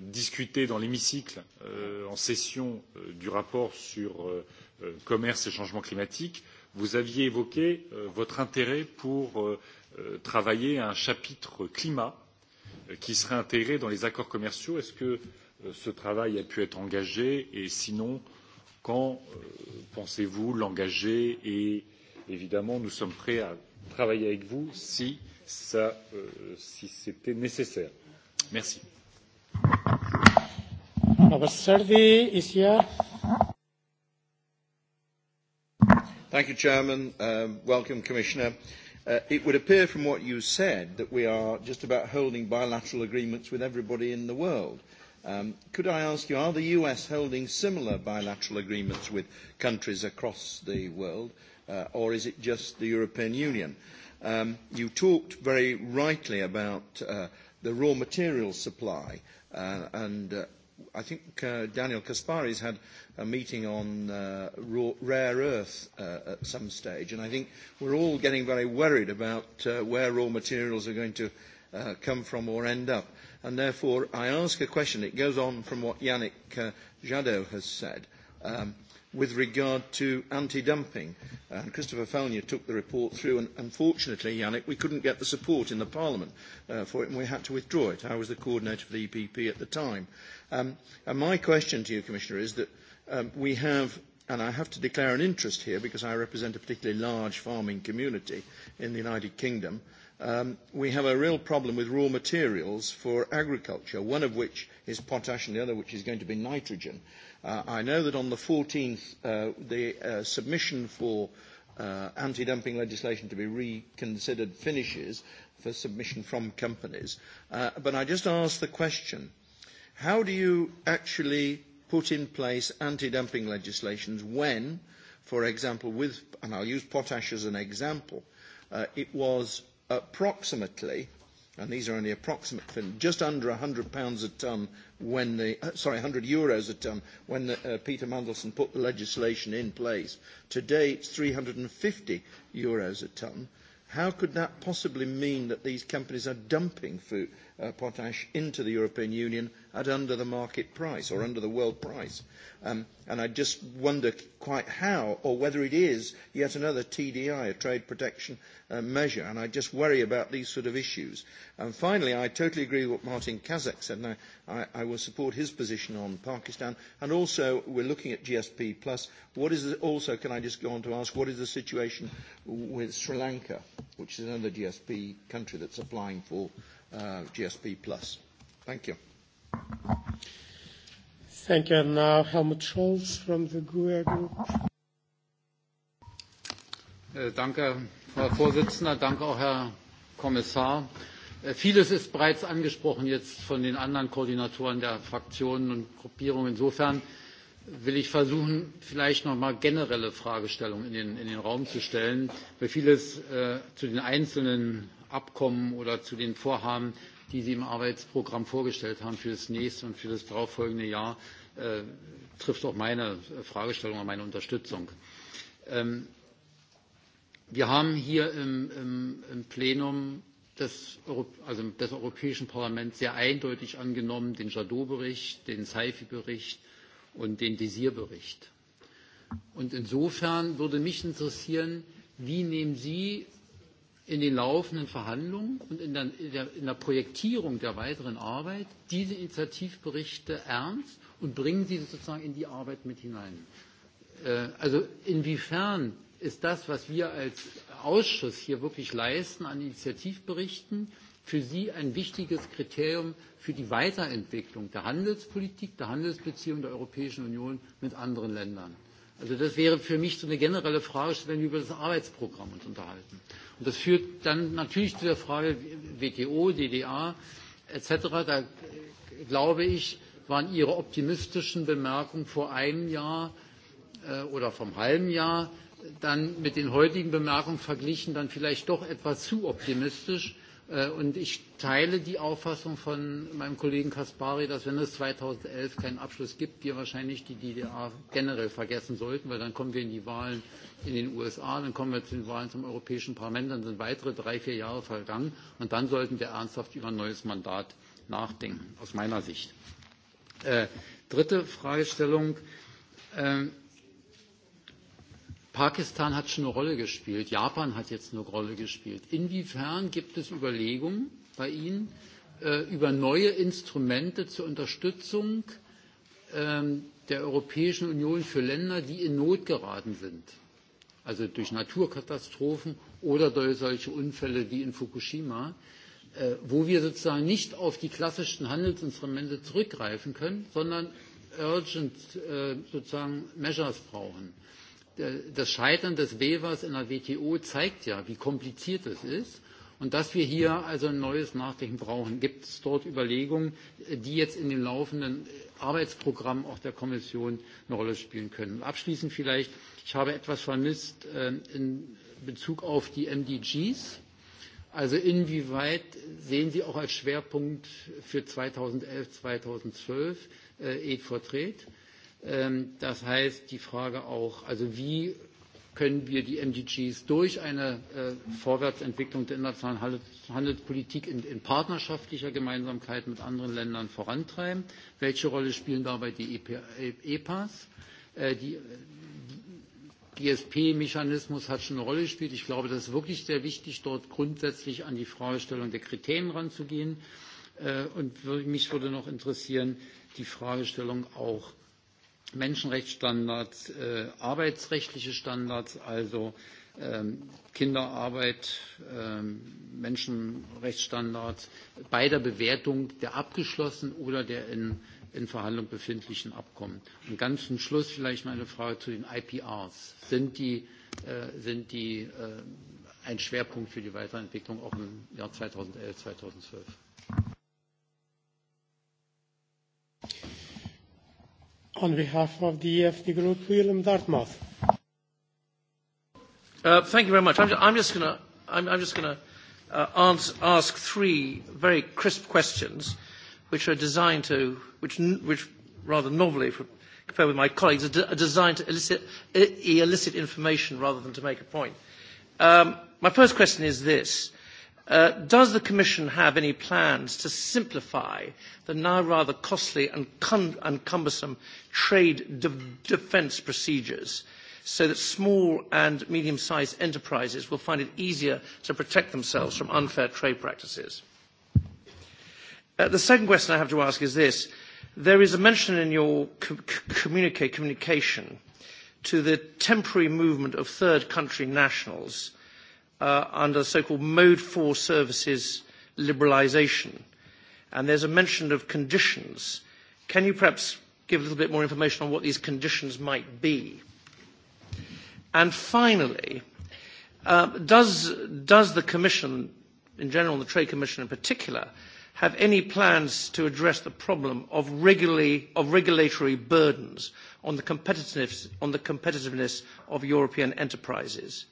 discuter dans l'hémicycle en session du rapport sur le commerce et le changement climatique, vous aviez évoqué votre intérêt pour travailler à un chapitre climat qui serait intégré dans les accords commerciaux. Est-ce que ce travail a pu être engagé et sinon, quand pensez-vous l'engager et évidemment nous sommes prêts à travailler avec vous si c'était nécessaire. Merci. Robert Serdi is here. Thank you, Chairman. Um, welcome, Commissioner. Uh, it would appear from what you said that we are just about holding bilateral agreements with everybody in the world. Um, could I ask you, are the US holding similar bilateral agreements with countries across the world, uh, or is it just the European Union? Um, you talked very rightly about uh, the raw material supply, uh, and uh, I think uh, Daniel Kaspari's had a meeting on uh, raw, rare earth uh, at some stage, and I think we're all getting very worried about uh, where raw materials are going to uh, come from or end up. And therefore, I ask a question. It goes on from what Yannick uh, Jadot has said. Um, with regard to anti-dumping. And Christopher Falnier took the report through, and unfortunately, Yannick, we couldn't get the support in the Parliament uh, for it, and we had to withdraw it. I was the coordinator for the EPP at the time. Um, and my question to you, Commissioner, is that um, we have and I have to declare an interest here because I represent a particularly large farming community in the United Kingdom, um, we have a real problem with raw materials for agriculture, one of which is potash and the other which is going to be nitrogen. Uh, I know that on the 14th, uh, the uh, submission for uh, anti-dumping legislation to be reconsidered finishes for submission from companies. Uh, but I just ask the question, how do you actually put in place anti-dumping legislations when, for example, with, and I'll use potash as an example, uh, it was approximately, and these are only approximate, just under £100 a tonne when the sorry, 100 euros a ton when the, uh, Peter Mandelson put the legislation in place. Today it's 350 euros a ton. How could that possibly mean that these companies are dumping food, uh, potash into the European Union at under the market price or under the world price. Um, and I just wonder quite how or whether it is yet another TDI, a trade protection uh, measure. And I just worry about these sort of issues. And finally, I totally agree with what Martin Kazak said, and I, I, I will support his position on Pakistan. And also, we're looking at GSP+. Plus. What is the, also, can I just go on to ask, what is the situation with Sri Lanka, which is another GSP country that's applying for GSP+. Thank you. Thank you. now Helmut Scholz from the GUE Group. Danke, Frau Vorsitzende. Danke auch, Herr Kommissar. Vieles ist bereits angesprochen jetzt von den anderen Koordinatoren der Fraktionen und Gruppierungen. Insofern will ich versuchen, vielleicht noch mal generelle Fragestellungen in den, Raum zu stellen, weil vieles zu den einzelnen Abkommen oder zu den Vorhaben, die Sie im Arbeitsprogramm vorgestellt haben für das nächste und für das darauffolgende Jahr, trifft auch meine Fragestellung und meine Unterstützung. Wir haben hier im Plenum des, Europäischen Parlaments sehr eindeutig angenommen, den Jadot-Bericht, den Saifi-Bericht und den Desir-Bericht. Und insofern würde mich interessieren, wie nehmen Sie in den laufenden Verhandlungen und in der, Projektierung der weiteren Arbeit diese Initiativberichte ernst und bringen sie sozusagen in die Arbeit mit hinein. Also inwiefern ist das, was wir als Ausschuss hier wirklich leisten an Initiativberichten, für Sie ein wichtiges Kriterium für die Weiterentwicklung der Handelspolitik, der Handelsbeziehungen der Europäischen Union mit anderen Ländern? Also das wäre für mich so eine generelle Frage, wenn wir über das Arbeitsprogramm uns unterhalten. Und das führt dann natürlich zu der Frage WTO, DDA etc. Da glaube ich, waren Ihre optimistischen Bemerkungen vor einem Jahr oder vom halben Jahr dann mit den heutigen Bemerkungen verglichen dann vielleicht doch etwas zu optimistisch Und ich teile die Auffassung von meinem Kollegen Kaspari, dass wenn es 2011 keinen Abschluss gibt, wir wahrscheinlich die DDR generell vergessen sollten, weil dann kommen wir in die Wahlen in den USA, dann kommen wir zu den Wahlen zum Europäischen Parlament, dann sind weitere drei, vier Jahre vergangen und dann sollten wir ernsthaft über ein neues Mandat nachdenken, aus meiner Sicht. Dritte Fragestellung Pakistan hat schon eine Rolle gespielt, Japan hat jetzt eine Rolle gespielt. Inwiefern gibt es Überlegungen bei Ihnen über neue Instrumente zur Unterstützung der Europäischen Union für Länder, die in Not geraten sind? Also durch Naturkatastrophen oder durch solche Unfälle wie in Fukushima, wo wir sozusagen nicht auf die klassischen Handelsinstrumente zurückgreifen können, sondern urgent sozusagen Measures brauchen das Scheitern des Wevers in der WTO zeigt ja, wie kompliziert es ist und dass wir hier also ein neues Nachdenken brauchen. Gibt es dort Überlegungen, die jetzt in dem laufenden Arbeitsprogramm auch der Kommission eine Rolle spielen können? Abschließend vielleicht, ich habe etwas vermisst in Bezug auf die MDGs. Also inwieweit sehen Sie auch als Schwerpunkt für 2011, 2012 Aid for Trade? Das heißt, die Frage auch, also wie können wir die MDGs durch eine Vorwärtsentwicklung der internationalen Handelspolitik in, partnerschaftlicher Gemeinsamkeit mit anderen Ländern vorantreiben? Welche Rolle spielen dabei die EPAs? die, GSP-Mechanismus hat schon eine Rolle gespielt. Ich glaube, das ist wirklich sehr wichtig, dort grundsätzlich an die Fragestellung der Kriterien ranzugehen. Und mich würde noch interessieren, die Fragestellung auch Menschenrechtsstandards, arbeitsrechtliche Standards, also Kinderarbeit, Menschenrechtsstandards bei der Bewertung der abgeschlossenen oder der in, Verhandlung befindlichen Abkommen. Und ganz zum Schluss vielleicht meine Frage zu den IPRs. Sind die, ein Schwerpunkt für die Weiterentwicklung auch im Jahr 2011, 2012? On behalf of the EFD Group, William Dartmouth. thank you very much. I'm, just gonna uh, ask three very crisp questions, which are designed to which which rather novelly for, compared with my colleagues are, designed to elicit, information rather than to make a point. my first question is this does the Commission have any plans to simplify the now rather costly and, cumbersome trade defence procedures so that small and medium-sized enterprises will find it easier to protect themselves from unfair trade practices? the second question I have to ask is this. There is a mention in your communication to the temporary movement of third country nationals under so-called Mode four services liberalisation. And there's a mention of conditions. Can you perhaps give a little bit more information on what these conditions might be? And finally, does, does the Commission, in general, the Trade Commission in particular, have any plans to address the problem of, regulatory burdens on the competitiveness, of European enterprises?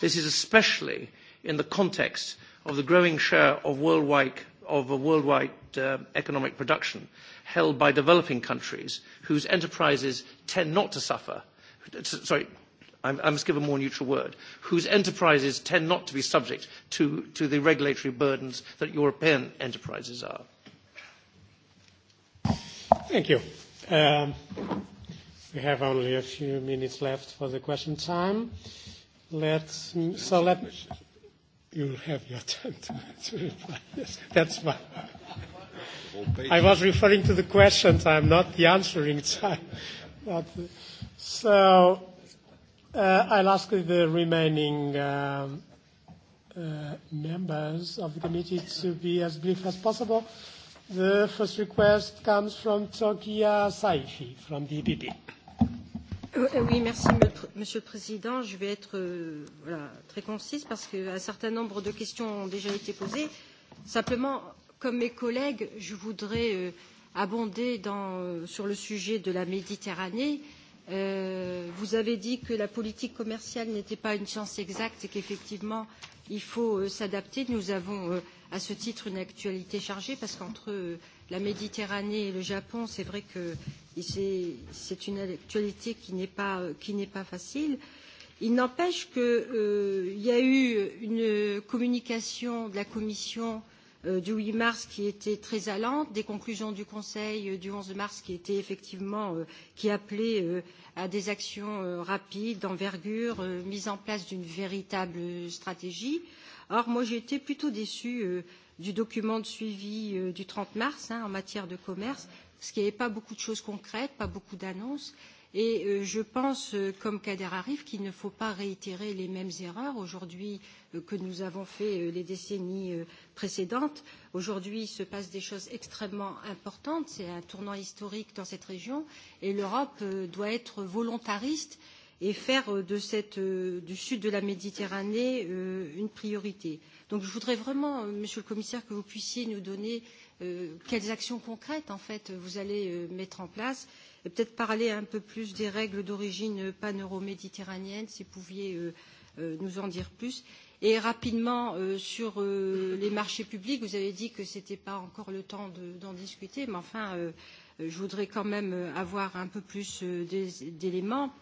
This is especially in the context of the growing share of worldwide, economic production held by developing countries whose enterprises tend not to suffer. Sorry, I must give a more neutral word, whose enterprises tend not to be subject to, the regulatory burdens that European enterprises are. Thank you. we have only a few minutes left for the question time. Let so let you'll have your time to, to reply. Yes, that's fine. I was referring to the questions. I'm not the answering time. But, so uh, I'll ask the remaining um, uh, members of the committee to be as brief as possible. The first request comes from Tokia Saifi from the EPP. Oui, merci Monsieur le Président. Je vais être très concise parce qu'un certain nombre de questions ont déjà été posées. Simplement, comme mes collègues, je voudrais abonder sur le sujet de la Méditerranée. vous avez dit que la politique commerciale n'était pas une science exacte et qu'effectivement, il faut s'adapter. Nous avons à ce titre une actualité chargée parce qu'entre la Méditerranée et le Japon, c'est vrai que c'est une actualité qui n'est pas, pas facile. Il n'empêche qu'il euh, y a eu une communication de la Commission euh, du 8 mars qui était très allante, des conclusions du Conseil euh, du 11 mars qui étaient effectivement euh, qui appelaient euh, à des actions euh, rapides, d'envergure, euh, mise en place d'une véritable stratégie. Or, moi, j'ai été plutôt déçue euh, du document de suivi du trente mars en matière de commerce, parce qu'il n'y avait pas beaucoup de choses concrètes, pas beaucoup d'annonces. Et je pense, comme Kader Arif, qu'il ne faut pas réitérer les mêmes erreurs aujourd'hui que nous avons fait les décennies précédentes. Aujourd'hui, il se passe des choses extrêmement importantes. C'est un tournant historique dans cette région et l'Europe doit être volontariste et faire de cette, du sud de la Méditerranée une priorité. Euh, Donc je voudrais vraiment, Monsieur le Commissaire, que vous puissiez nous donner quelles actions concrètes en fait vous allez mettre en place et peut-être parler un peu plus des règles d'origine pan-euro-méditerranéenne, si vous pouviez nous en dire plus. Et rapidement, sur les marchés publics, vous avez dit que ce n'était pas encore le temps d'en discuter, mais enfin, je voudrais quand même avoir un peu plus d'éléments.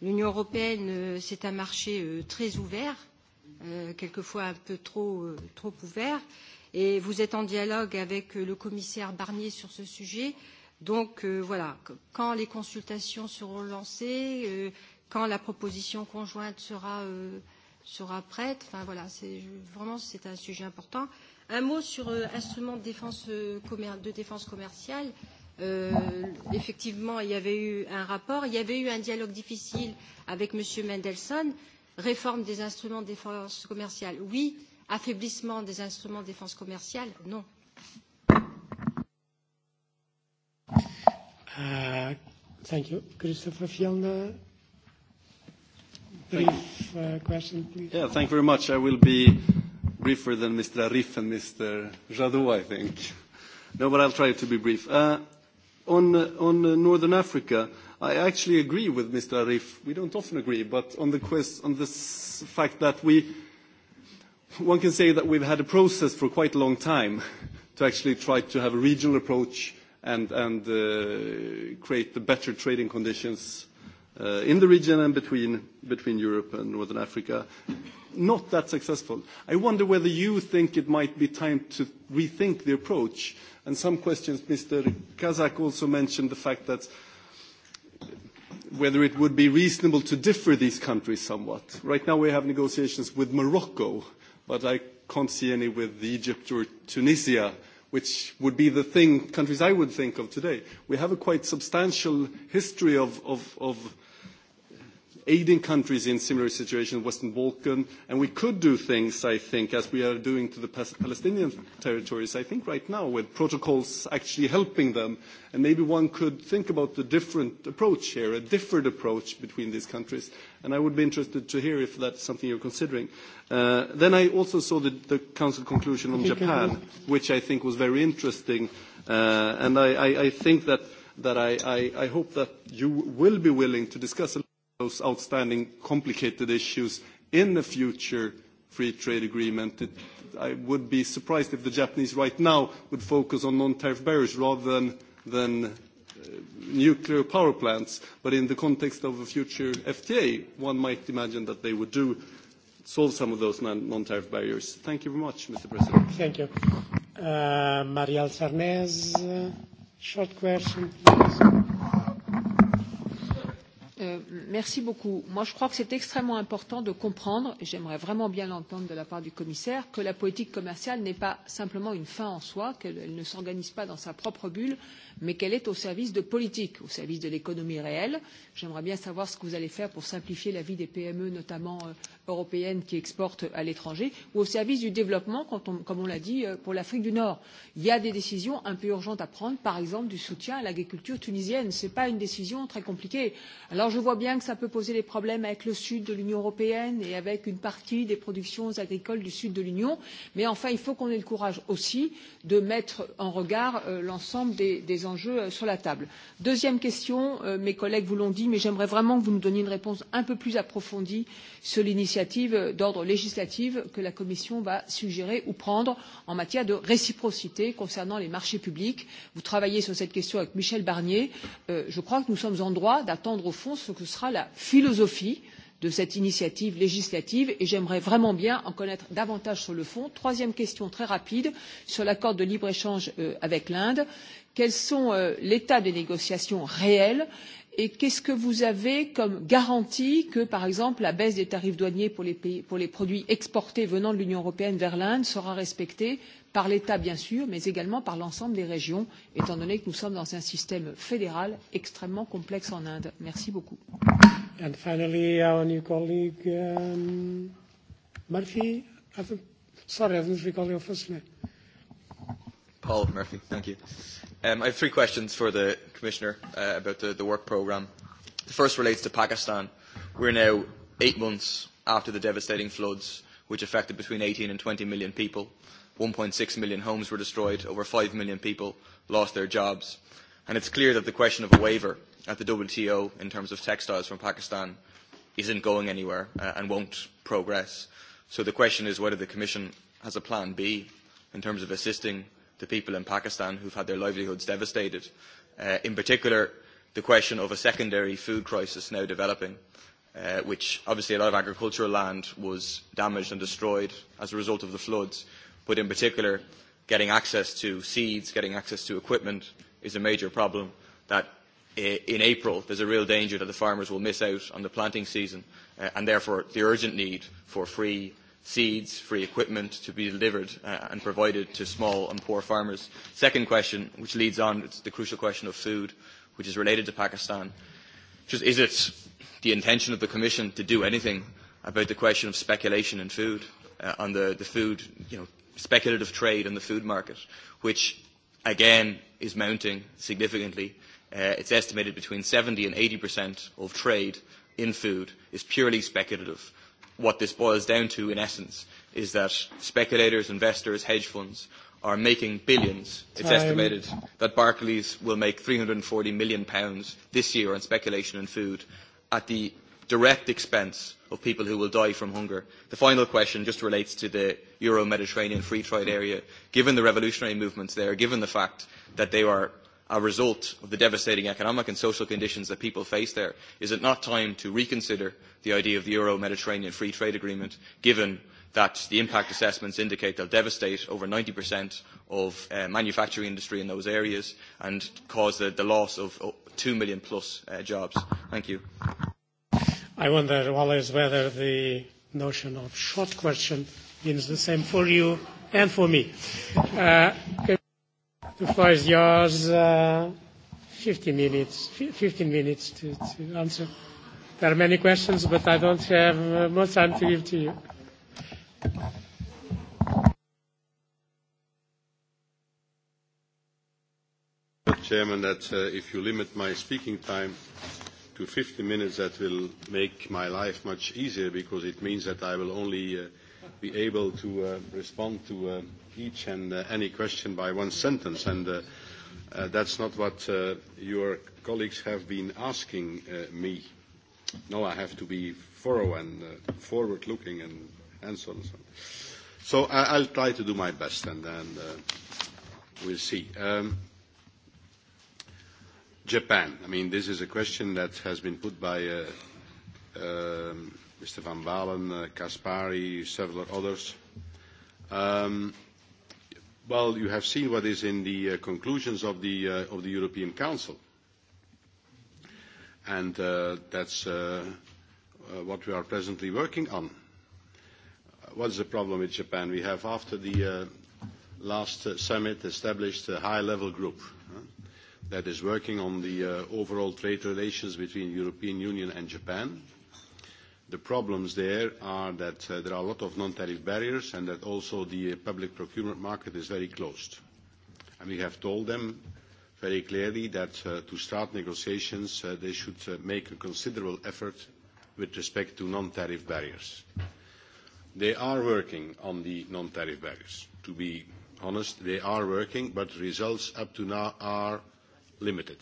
L'Union européenne, c'est un marché très ouvert quelquefois un peu trop, trop ouvert. Et vous êtes en dialogue avec le commissaire Barnier sur ce sujet. Donc voilà, quand les consultations seront lancées, quand la proposition conjointe sera, prête, enfin voilà, vraiment c'est un sujet important. Un mot sur l'instrument de défense, de défense commerciale. effectivement, il y avait eu un rapport, il y avait eu un dialogue difficile avec M. Mendelssohn, Réforme des instruments de défense commerciale, oui. Affaiblissement des instruments de défense commerciale, non. Uh, thank you. Christopher Fjellner, brief uh, question, please. Yeah, thank you very much. I will be briefer than Mr. Arif and Mr. Jadot, I think. No, but I'll try to be brief. Uh, on, on Northern Africa, uh, I actually agree with Mr. Arif. We don't often agree, but on the, quest, on the fact that we, one can say that we've had a process for quite a long time to actually try to have a regional approach and, and uh, create the better trading conditions uh, in the region and between, between Europe and Northern Africa. Not that successful. I wonder whether you think it might be time to rethink the approach. And some questions, Mr. Kazak also mentioned the fact that whether it would be reasonable to differ these countries somewhat. Right now we have negotiations with Morocco, but I can't see any with Egypt or Tunisia, which would be the thing, countries I would think of today. We have a quite substantial history of, of, of aiding countries in similar situations in Western Balkan, and we could do things, I think, as we are doing to the Palestinian territories, I think right now, with protocols actually helping them. And maybe one could think about the different approach here, a differed approach between these countries. And I would be interested to hear if that's something you're considering. then I also saw the, the Council conclusion on Japan, which I think was very interesting. and I, I, I think that, that I, I, I hope that you will be willing to discuss a those outstanding complicated issues in a future free trade agreement. I would be surprised if the Japanese right now would focus on non-tariff barriers rather than nuclear power plants. But in the context of a future FTA, one might imagine that they would do solve some of those non-tariff barriers. Thank you very much, Mr. President. Thank you. Marielle Sarnez, short question, please merci beaucoup. je crois que c'est extrêmement important de comprendre, et j'aimerais vraiment bien l'entendre de la part du commissaire, que la politique commerciale n'est pas simplement une fin en soi, qu'elle ne s'organise pas dans sa propre bulle, mais qu'elle est au service de politiques, au service de l'économie réelle. J'aimerais bien savoir ce que vous allez faire pour simplifier la vie des PME, notamment européennes qui exportent à l'étranger, ou au service du développement, comme on l'a dit, pour l'Afrique du Nord. Il y a des décisions un peu urgentes à prendre, par exemple du soutien à l'agriculture tunisienne. Ce n'est pas une décision très compliquée. Alors, je vois bien que cela peut poser des problèmes avec le sud de l'Union européenne et avec une partie des productions agricoles du sud de l'Union, mais enfin, il faut qu'on ait le courage aussi de mettre en regard l'ensemble des, enjeux sur la table. Deuxième question, mes collègues vous l'ont dit, mais j'aimerais vraiment que vous nous donniez une réponse un peu plus approfondie sur l'initiative d'ordre législatif que la Commission va suggérer ou prendre en matière de réciprocité concernant les marchés publics. Vous travaillez sur cette question avec Michel Barnier. je crois que nous sommes en droit d'attendre au fond ce que sera la philosophie de cette initiative législative et j'aimerais vraiment bien en connaître davantage sur le fond. Troisième question très rapide sur l'accord de libre échange avec l'Inde. Quel est l'état des négociations réelles? et qu'est-ce que vous avez comme garantie que, par exemple, la baisse des tarifs douaniers pour les, pays, pour les produits exportés venant de l'Union européenne vers l'Inde sera respectée par l'État, bien sûr, mais également par l'ensemble des régions, étant donné que nous sommes dans un système fédéral extrêmement complexe en Inde Merci beaucoup. And finally, our new colleague, um, Murphy. sorry, I didn't recall your first name. Paul Murphy, thank you. Um, I have three questions for the Commissioner uh, about the, the work programme. The first relates to Pakistan. We're now eight months after the devastating floods, which affected between 18 and 20 million people. 1.6 million homes were destroyed, over 5 million people lost their jobs. And it's clear that the question of a waiver at the WTO in terms of textiles from Pakistan isn't going anywhere uh, and won't progress. So the question is whether the Commission has a plan B in terms of assisting the people in Pakistan who have had their livelihoods devastated. in particular, the question of a secondary food crisis now developing, which obviously a lot of agricultural land was damaged and destroyed as a result of the floods, but in particular, getting access to seeds, getting access to equipment is a major problem that in April there is a real danger that the farmers will miss out on the planting season and therefore the urgent need for free seeds, free equipment to be delivered uh, and provided to small and poor farmers? Second question, which leads on to the crucial question of food, which is related to Pakistan. Just, is it the intention of the Commission to do anything about the question of speculation in food, uh, on the, the food, you know, speculative trade in the food market, which again is mounting significantly. Uh, it's estimated between 70 and 80% of trade in food is purely speculative what this boils down to, in essence, is that speculators, investors, hedge funds are making billions. It's estimated that Barclays will make 340 million pounds this year on speculation in food at the direct expense of people who will die from hunger. The final question just relates to the Euro-Mediterranean free trade area. Given the revolutionary movements there, given the fact that they are a result of the devastating economic and social conditions that people face there? Is it not time to reconsider the idea of the Euro-Mediterranean Free Trade Agreement, given that the impact assessments indicate they'll devastate over 90% of uh, manufacturing industry in those areas and cause the, the loss of 2 million plus uh, jobs? Thank you. I wonder always whether the notion of short question means the same for you and for me. Uh, The floor is yours. Uh, 15 minutes, 15 minutes to, to answer. There are many questions, but I don't have uh, more time to give to you. Chairman, that uh, if you limit my speaking time to 50 minutes, that will make my life much easier because it means that I will only uh, be able to uh, respond to uh, each and uh, any question by one sentence. And uh, uh, that's not what uh, your colleagues have been asking uh, me. No, I have to be thorough and uh, forward-looking and, and so on and so on. So I, I'll try to do my best and then uh, we'll see. Um, Japan. I mean, this is a question that has been put by uh, um, Mr. Van Balen, Caspary, several others. Well, you have seen what is in the conclusions of the European Council. and That's what we are presently working on. What is the problem with Japan? We have, after the last summit, established a high-level group that is working on the overall trade relations between the European Union and Japan The problems there are that there are a lot of non-tariff barriers and that also the public procurement market is very closed. we have told them very clearly that to start negotiations, they should make a considerable effort with respect to non-tariff barriers. They are working on the non-tariff barriers. To be honest, they are working, but results up to now are limited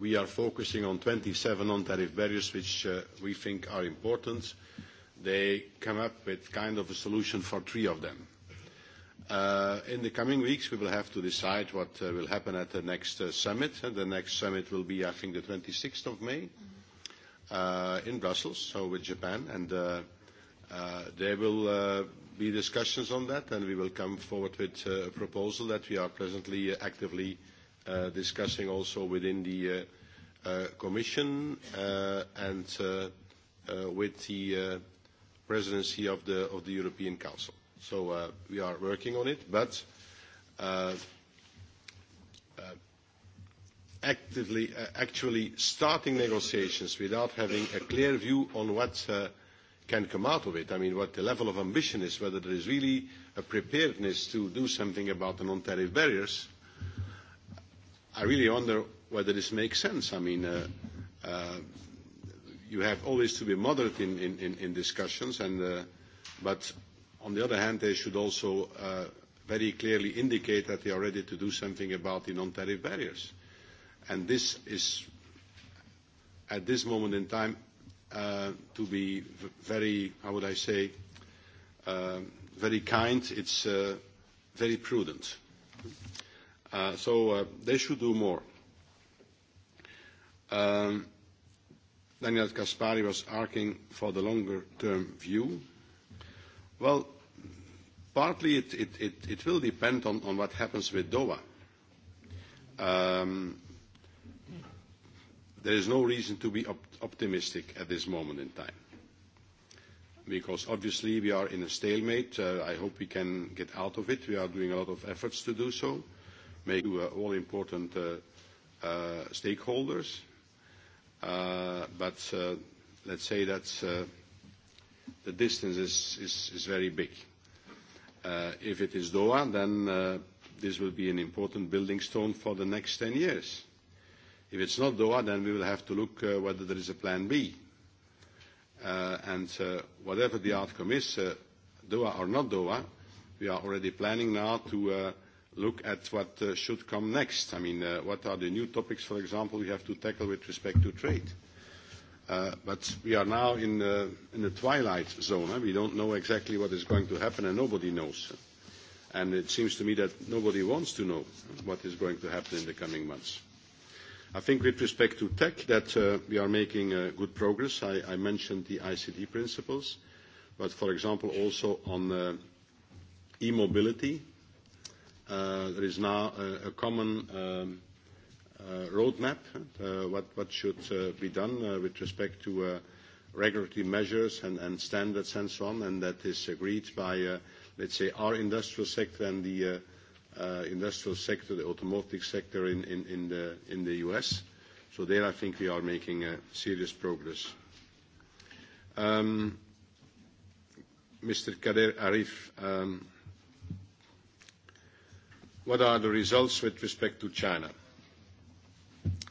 we are focusing on 27 non-tariff barriers, which we think are important. They come up with kind of a solution for three of them. In the coming weeks, we will have to decide what will happen at the next summit. The next summit will be, I think, the 26th of May in Brussels, so with Japan. and There will be discussions on that, and we will come forward with a proposal that we are presently actively discussing also within the Commission and with the presidency of the European Council. So we are working on it, but actively, actually starting negotiations without having a clear view on what can come out of it. I mean, what the level of ambition is, whether there is really a preparedness to do something about the non-tariff barriers, I really wonder whether this makes sense. I mean, uh, uh, you have always to be moderate in, in, in, in discussions, and, uh, but on the other hand, they should also uh, very clearly indicate that they are ready to do something about the non-tariff barriers. And this is, at this moment in time, uh, to be v very, how would I say, uh, very kind, it's uh, very prudent so uh, they should do more. Um, Daniel Kaspari was asking for the longer-term view. Well, partly it, it, it, it will depend on, on what happens with Doha. Um, there is no reason to be op optimistic at this moment in time because obviously we are in a stalemate. I hope we can get out of it. We are doing a lot of efforts to do so make to all important stakeholders. But let's say that the distance is very big. If it is Doha, then this will be an important building stone for the next 10 years. If it's not Doha, then we will have to look whether there is a plan B. And whatever the outcome is, Doha or not Doha, we are already planning now to look at what should come next. I mean, what are the new topics, for example, we have to tackle with respect to trade? but we are now in the, in the twilight zone. We don't know exactly what is going to happen, and nobody knows. And it seems to me that nobody wants to know what is going to happen in the coming months. I think with respect to tech, that we are making good progress. I, I mentioned the ICT principles, but for example, also on e-mobility, there is now a common roadmap, what should be done with respect to regulatory measures and standards and so on, and that is agreed by, let's say, our industrial sector and the industrial sector, the automotive sector in the U.S. So there, I think we are making serious progress. Mr. Kader Arif, what are the results with respect to China?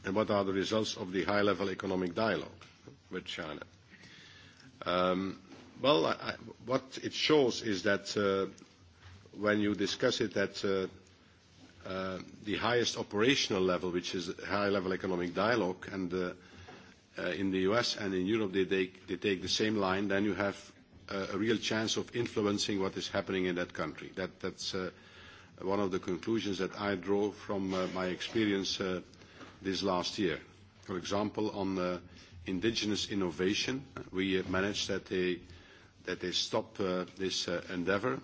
And what are the results of the high-level economic dialogue with China? well, I, I, what it shows is that when you discuss it at uh, uh, the highest operational level, which is high-level economic dialogue, and uh, uh, in the US and in Europe they take, they take the same line, then you have a, a real chance of influencing what is happening in that country. That, that's... Uh, one of the conclusions that I draw from uh, my experience uh, this last year. For example, on uh, indigenous innovation, we managed that they, that they stop uh, this uh, endeavor.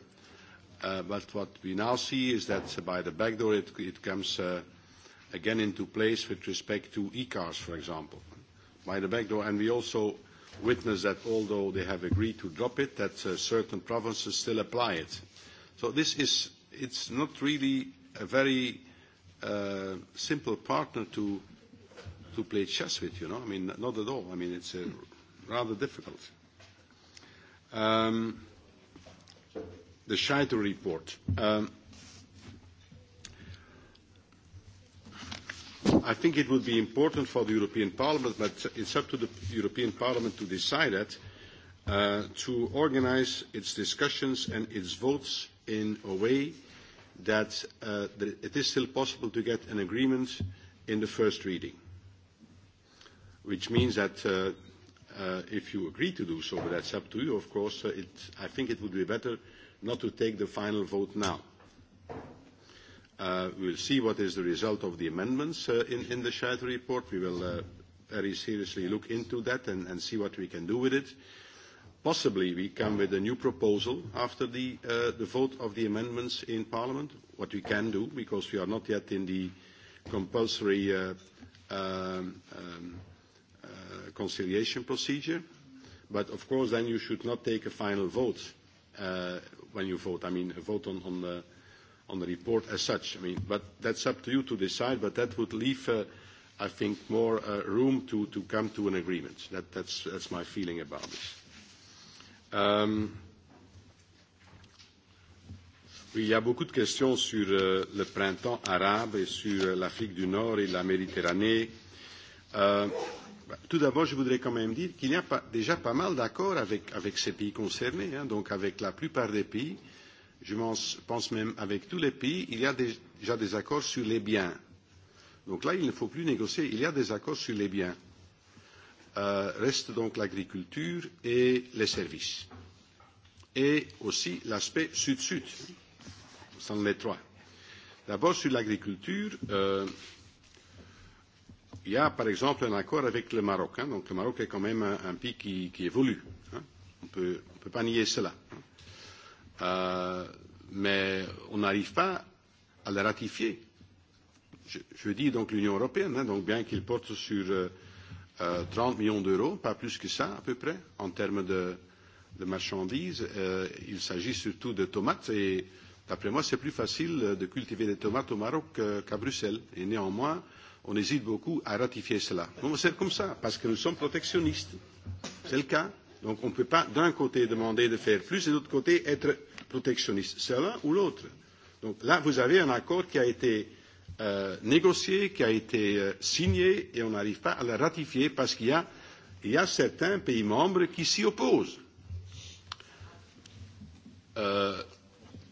Uh, but what we now see is that by the back door it, it comes uh, again into place with respect to e-cars, for example, by the back door. And we also witness that although they have agreed to drop it, that uh, certain provinces still apply it. So this is it's not really a very uh, simple partner to to play chess with, you know. I mean, not at all. I mean, it's uh, rather difficult. Um, the Scheiter report. Um, I think it would be important for the European Parliament, but it's up to the European Parliament to decide that, uh, to organize its discussions and its votes in a way that it is still possible to get an agreement in the first reading, which means that if you agree to do so, but that's up to you, of course, it I think it would be better not to take the final vote now. We'll see what is the result of the amendments in the Schaefer report. We will very seriously look into that and see what we can do with it Possibly we come with a new proposal after the, uh, the vote of the amendments in Parliament, what we can do because we are not yet in the compulsory uh, um, um, uh, conciliation procedure. But of course then you should not take a final vote uh, when you vote. I mean a vote on, on, the, on the report as such. I mean, but that's up to you to decide, but that would leave uh, I think, more room to come to an agreement. That's my feeling about this il y a beaucoup de questions sur le printemps arabe et sur l'Afrique du Nord et la Méditerranée. tout d'abord, je voudrais quand même dire qu'il y a déjà pas mal d'accords avec, ces pays concernés, donc avec la plupart des pays. Je pense même avec tous les pays, il y a déjà des accords sur les biens. Donc là, il ne faut plus négocier, il y a des accords sur les biens restent donc l'agriculture et les services. Et aussi l'aspect sud-sud. Ce sont les trois. D'abord, sur l'agriculture, il y a par exemple un accord avec le Maroc. donc le Maroc est quand même un, pays qui, évolue. On ne peut pas nier cela. mais on n'arrive pas à le ratifier. Je, dis donc l'Union européenne, donc bien qu'il porte sur trente 30 millions d'euros, pas plus que ça à peu près, en termes de, de marchandises. Euh, il s'agit surtout de tomates et d'après moi, c'est plus facile de cultiver des tomates au Maroc qu'à Bruxelles. Et néanmoins, on hésite beaucoup à ratifier cela. Bon, c'est comme ça, parce que nous sommes protectionnistes. C'est le cas. Donc on ne peut pas d'un côté demander de faire plus et de l'autre côté être protectionniste. C'est l'un ou l'autre. Donc là, vous avez un accord qui a été négocié, qui a été signé, et on n'arrive pas à le ratifier parce qu'il y a, certains pays membres qui s'y opposent.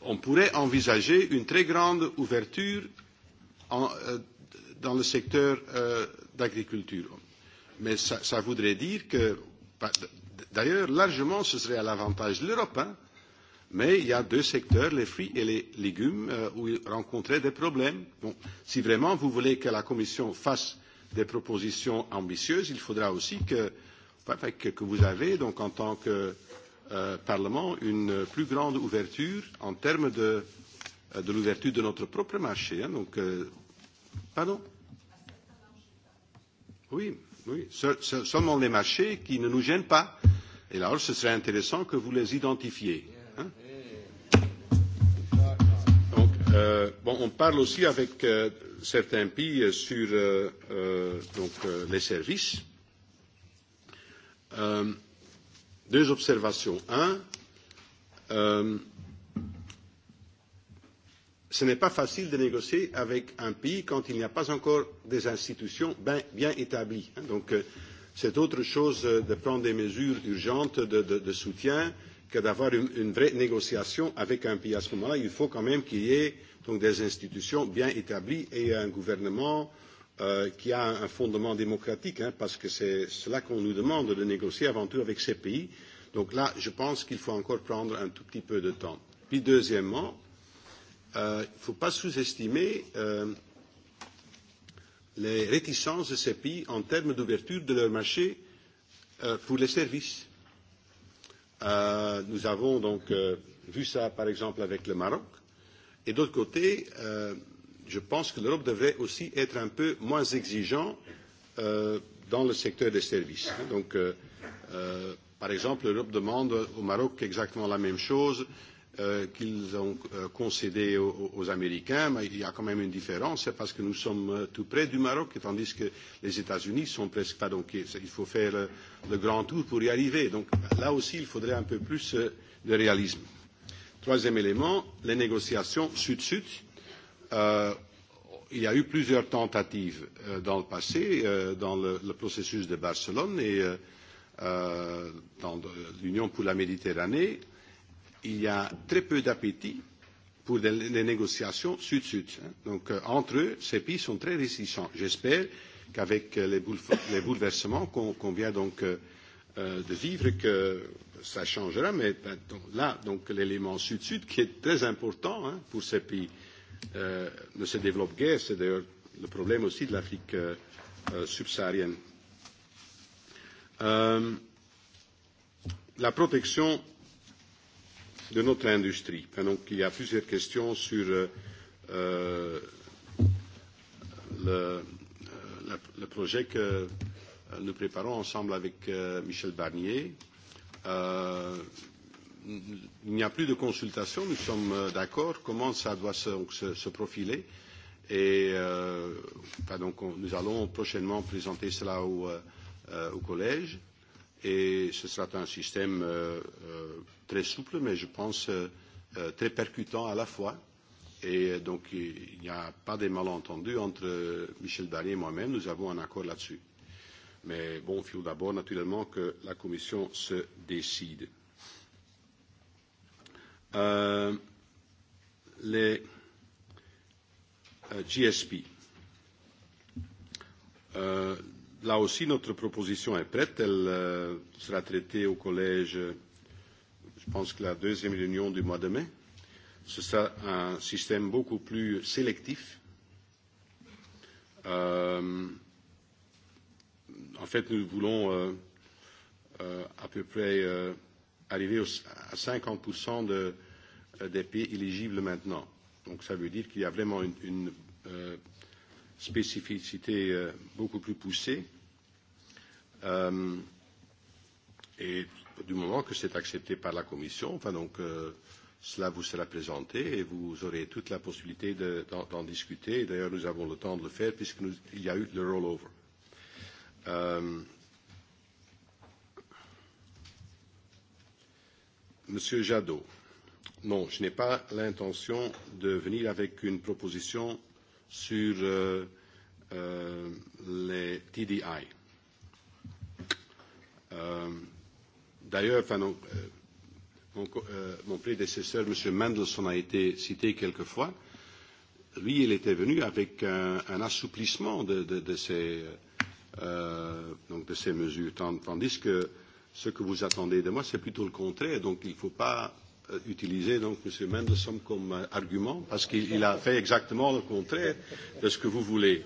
on pourrait envisager une très grande ouverture dans le secteur de l'agriculture. Mais cela voudrait dire que, d'ailleurs, largement, ce serait à l'avantage de l'Europe. Hein, Mais il y a deux secteurs, les fruits et les légumes, où ils rencontraient des problèmes. si vraiment vous voulez que la Commission fasse des propositions ambitieuses, il faudra aussi que, que vous avez, donc en tant que Parlement, une plus grande ouverture en termes de, de l'ouverture de notre propre marché. Hein, donc, pardon Oui, oui. seulement les marchés qui ne nous gênent pas. Et alors, ce serait intéressant que vous les identifiez on parle aussi avec certains pays sur les services. deux observations. Un, ce n'est pas facile de négocier avec un pays quand il n'y a pas encore des institutions bien, établies. Donc, c'est autre chose de prendre des mesures urgentes de, soutien que d'avoir une, vraie négociation avec un pays. À ce moment-là, il faut quand même qu'il y ait donc des institutions bien établies et un gouvernement qui a un fondement démocratique, parce que c'est cela qu'on nous demande de négocier avant tout avec ces pays. Donc là, je pense qu'il faut encore prendre un tout petit peu de temps. Puis deuxièmement, il ne faut pas sous-estimer les réticences de ces pays en termes d'ouverture de leur marché pour les services. nous avons donc vu cela, par exemple avec le Maroc Et d'autre côté, je pense que l'Europe devrait aussi être un peu moins exigeante dans le secteur des services. Donc, par exemple, l'Europe demande au Maroc exactement la même chose qu'ils ont concédé aux, Américains, mais il y a quand même une différence, c'est parce que nous sommes tout près du Maroc, tandis que les États-Unis sont presque pas. Donc il faut faire le grand tour pour y arriver. Donc là aussi, il faudrait un peu plus de réalisme. Troisième élément, les négociations sud-sud. il y a eu plusieurs tentatives dans le passé, dans le, processus de Barcelone et dans l'Union pour la Méditerranée. Il y a très peu d'appétit pour les négociations sud-sud. Donc, entre eux, ces pays sont très réticents. J'espère qu'avec les, bouleversements qu'on vient donc de vivre que ça changera, mais là, donc l'élément sud-sud qui est très important hein, pour ces pays euh, ne se développe guère. C'est d'ailleurs le problème aussi de l'Afrique euh, subsaharienne. Euh, la protection de notre industrie. Donc, il y a plusieurs questions sur euh, le, le projet que nous préparons ensemble avec Michel Barnier. il n'y a plus de consultation, nous sommes d'accord comment cela doit se, profiler et nous allons prochainement présenter cela au, collège et ce sera un système très souple mais je pense très percutant à la fois et donc il n'y a pas de malentendu entre Michel Barnier et moi-même, nous avons un accord là-dessus. Mais bon, il faut d'abord naturellement que la Commission se décide. les GSP. là aussi, notre proposition est prête. Elle sera traitée au collège, je pense que la deuxième réunion du mois de mai. Ce sera un système beaucoup plus sélectif. Euh, en fait, nous voulons euh, euh, à peu près euh, arriver au, à 50% de, des pays éligibles maintenant. Donc ça veut dire qu'il y a vraiment une, une euh, spécificité euh, beaucoup plus poussée. Euh, et du moment que c'est accepté par la Commission, enfin donc euh, cela vous sera présenté et vous aurez toute la possibilité d'en discuter. D'ailleurs, nous avons le temps de le faire puisqu'il y a eu le rollover. Monsieur Jadot, non, je n'ai pas l'intention de venir avec une proposition sur les TDI. D'ailleurs, mon, prédécesseur, M. Mendelssohn, a été cité quelques fois. Lui, il était venu avec un, assouplissement de, ces donc de ces mesures. Tandis que ce que vous attendez de moi, c'est plutôt le contraire. Donc il ne faut pas utiliser donc M. Mendelssohn comme argument parce qu'il a fait exactement le contraire de ce que vous voulez.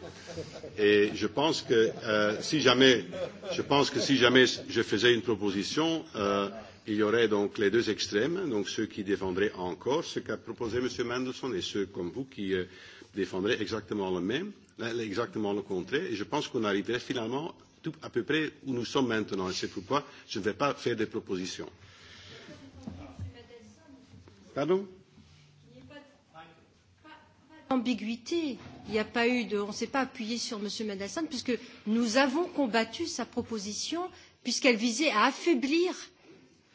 Et je pense que euh, si jamais, je pense que si jamais je faisais une proposition, euh, il y aurait donc les deux extrêmes, donc ceux qui défendraient encore ce qu'a proposé M. Mendelssohn et ceux comme vous qui euh, défendraient exactement le même. Elle est exactement le contraire. Et je pense qu'on arriverait finalement tout à peu près où nous sommes maintenant. Et c'est pourquoi je ne vais pas faire des propositions. Pardon ambiguïté. Il n'y a pas eu de, on ne s'est pas appuyé sur M. Mendelssohn puisque nous avons combattu sa proposition puisqu'elle visait à affaiblir.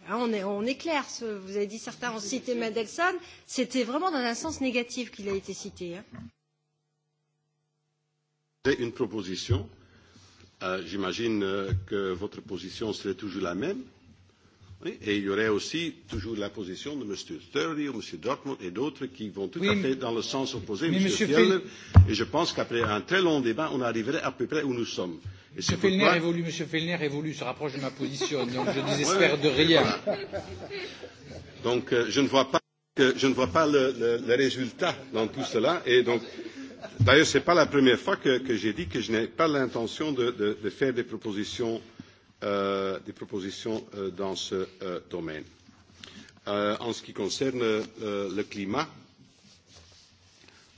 Hein, on, est, on est clair. Ce, vous avez dit certains ont cité Mendelssohn. C'était vraiment dans un sens négatif qu'il a été cité. Hein. J'ai une proposition. J'imagine que votre position serait toujours la même. Et il y aurait aussi toujours la position de M. Sturdy ou M. Dortmund et d'autres qui vont tout à fait dans le sens opposé, M. Fjellner. Et je pense qu'après un très long débat, on arriverait à peu près où nous sommes. M. Fellner pourquoi... M. Fellner évolue, se rapproche de ma position, donc je désespère de rien. Donc je ne vois pas, je ne vois pas le, résultat dans tout cela. Et donc, D'ailleurs, ce n'est pas la première fois que, que j'ai dit que je n'ai pas l'intention de, de, de faire des propositions, euh, des propositions euh, dans ce euh, domaine. Euh, en ce qui concerne euh, le climat,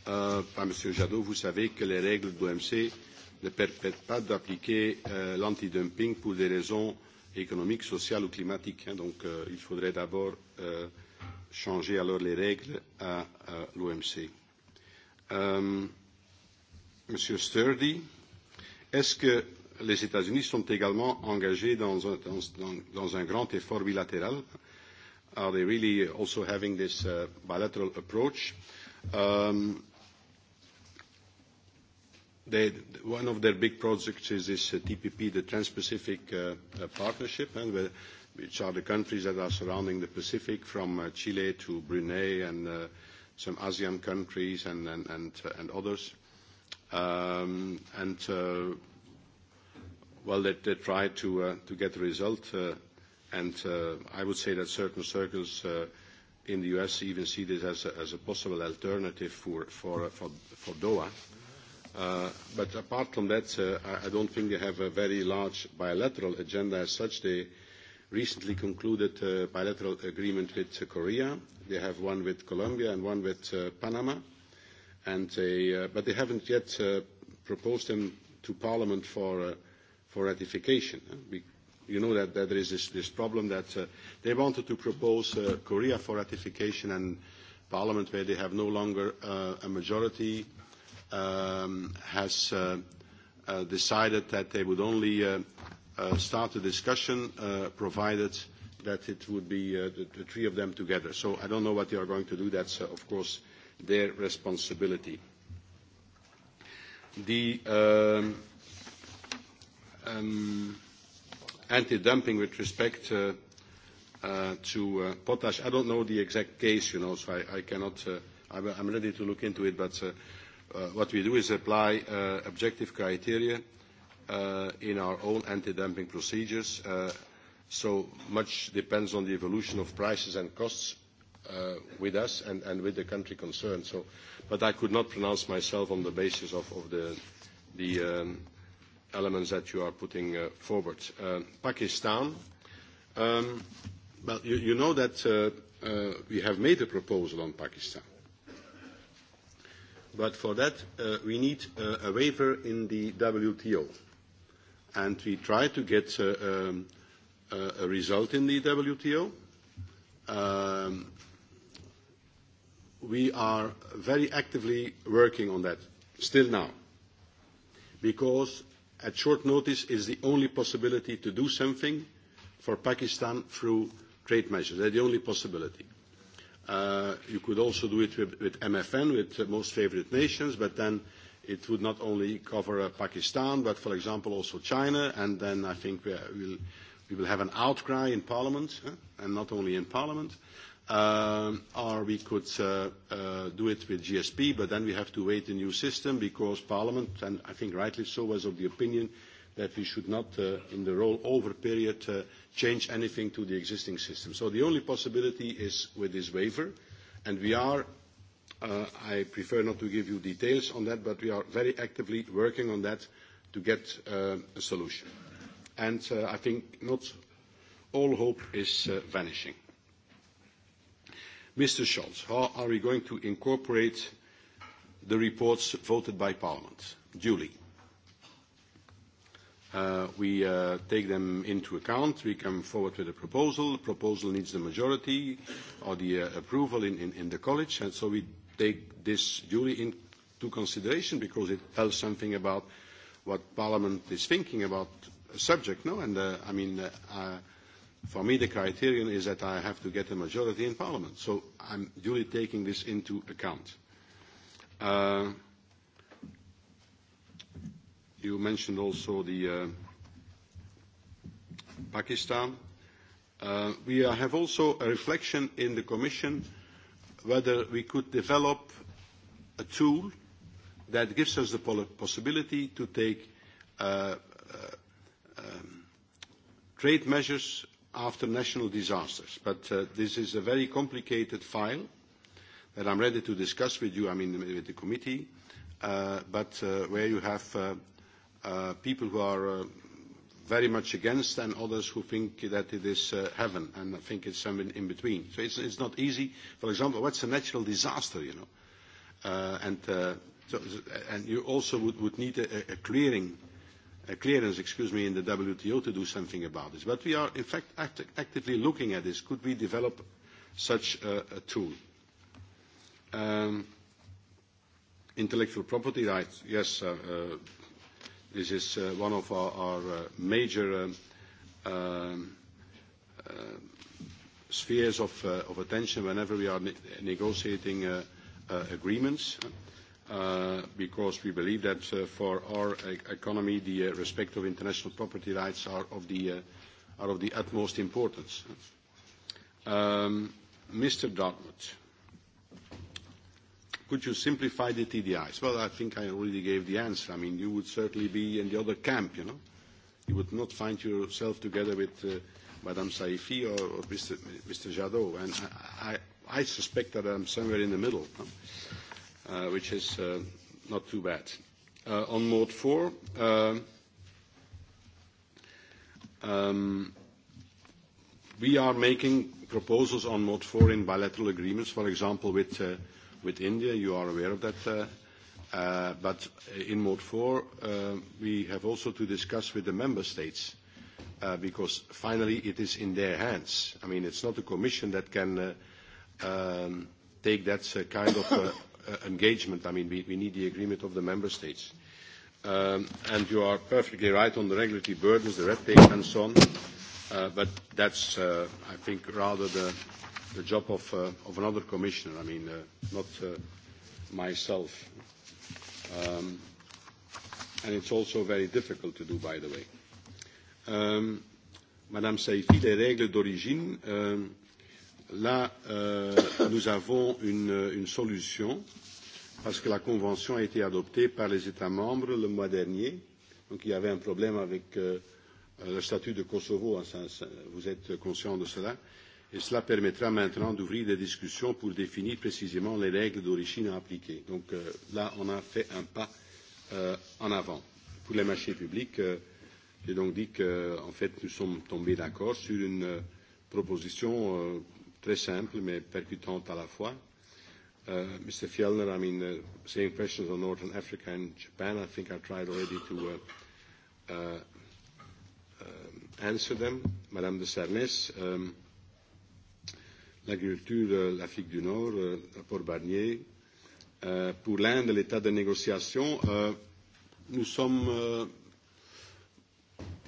euh, par Jadot, vous savez que les règles de l'OMC ne permettent pas d'appliquer euh, l'antidumping pour des raisons économiques, sociales ou climatiques. Hein, donc, euh, il faudrait d'abord euh, changer alors les règles à, à l'OMC. Monsieur Sturdy, est-ce que les États-Unis sont également engagés dans un, dans, dans un grand effort bilatéral Are they really also having this uh, bilateral approach um, they, One of their big projects is this uh, TPP, the Trans-Pacific uh, uh, Partnership, and which are the countries that are surrounding the Pacific from uh, Chile to Brunei and uh, some ASEAN countries and, and, and, and others. Um, and, uh, well, they, they tried to, uh, to get the result. Uh, and uh, I would say that certain circles uh, in the US even see this as a, as a possible alternative for, for, for, for Doha. Uh, but apart from that, uh, I, I don't think they have a very large bilateral agenda as such. They, recently concluded a bilateral agreement with Korea. They have one with Colombia and one with Panama. And they, but they haven't yet proposed them to Parliament for, for ratification. you know that, that there is this, this problem that they wanted to propose Korea for ratification and Parliament, where they have no longer a majority, has decided that they would only start a discussion, provided that it would be the three of them together. So I don't know what they are going to do. That's, of course, their responsibility. The anti-dumping with respect to potash, I don't know the exact case, you know, so I cannot. I'm ready to look into it, but what we do is apply objective criteria in our own anti-dumping procedures. So much depends on the evolution of prices and costs with us and with the country concerned. So, but I could not pronounce myself on the basis of the elements that you are putting forward. Pakistan, well, you know that we have made a proposal on Pakistan. But for that, we need a waiver in the WTO and we try to get a, result in the WTO. we are very actively working on that still now, because at short notice is the only possibility to do something for Pakistan through trade measures. That's the only possibility. you could also do it with, with MFN, with most favored nations, but then it would not only cover Pakistan, but for example, also China, and then I think we will we will have an outcry in Parliament, and not only in Parliament. Or we could do it with GSP, but then we have to wait a new system because Parliament, and I think rightly so, was of the opinion that we should not, in the rollover period, change anything to the existing system. So the only possibility is with this waiver, and we are I prefer not to give you details on that, but we are very actively working on that to get a solution. And I think not all hope is vanishing. Mr. Scholz, how are we going to incorporate the reports voted by Parliament duly? we take them into account. We come forward with a proposal. The proposal needs the majority or the approval in, in the college, and so we take this duly into consideration because it tells something about what Parliament is thinking about a subject. No, and uh, I mean, uh, for me, the criterion is that I have to get a majority in Parliament. So I'm duly taking this into account. Uh, you mentioned also the uh, Pakistan. Uh, we have also a reflection in the Commission whether we could develop a tool that gives us the possibility to take trade measures after national disasters. But this is a very complicated file that I'm ready to discuss with you, I mean, with the committee, but where you have people who are very much against and others who think that it is uh, heaven and I think it's somewhere in between. So it's, it's not easy. For example, what's a natural disaster, you know? Uh, and, uh, so, and you also would, would need a, a clearing, a clearance, excuse me, in the WTO to do something about this. But we are in fact act- actively looking at this. Could we develop such a, a tool? Um, intellectual property rights, yes, uh, uh, This is uh, one of our, our uh, major uh, uh, spheres of, uh, of attention whenever we are ne negotiating uh, uh, agreements, uh, because we believe that uh, for our economy, the uh, respect of international property rights are of the, uh, are of the utmost importance. Um, Mr. Dartmouth Could you simplify the TDIs? Well, I think I already gave the answer. I mean, you would certainly be in the other camp, you know. You would not find yourself together with uh, Madame Saifi or, or Mr. Mr. Jadot. And I, I, I suspect that I'm somewhere in the middle, uh, which is uh, not too bad. Uh, on mode four, uh, um, we are making proposals on mode four in bilateral agreements, for example, with uh, with India. You are aware of that. But in Mode 4, we have also to discuss with the member states, because finally it is in their hands. I mean, it's not the Commission that can take that kind of engagement. I mean, we need the agreement of the member states. And you are perfectly right on the regulatory burdens, the red tape, and so on But that's, I think, rather the the job of of another commissioner. I mean, not myself. And it's also very difficult to do, by the way. Madame Saïfi, les règles d'origine, là, nous avons une solution parce que la convention a été adoptée par les États membres le mois dernier. Donc il y avait un problème avec le statut de Kosovo. Vous êtes conscient de cela et cela permettra maintenant d'ouvrir des discussions pour définir précisément les règles d'origine à appliquer. Donc là, on a fait un pas en avant. Pour les marchés publics, j'ai donc dit que, en fait, nous sommes tombés d'accord sur une proposition très simple mais percutante à la fois. Mr. Fjellner, I mean, same questions on Northern Africa and Japan. I think I tried already to answer them. Madame de Sarnes, um, l'agriculture, l'Afrique du Nord, euh, Port Barnier. Euh, pour l'Inde, l'état de négociation, euh, nous sommes euh,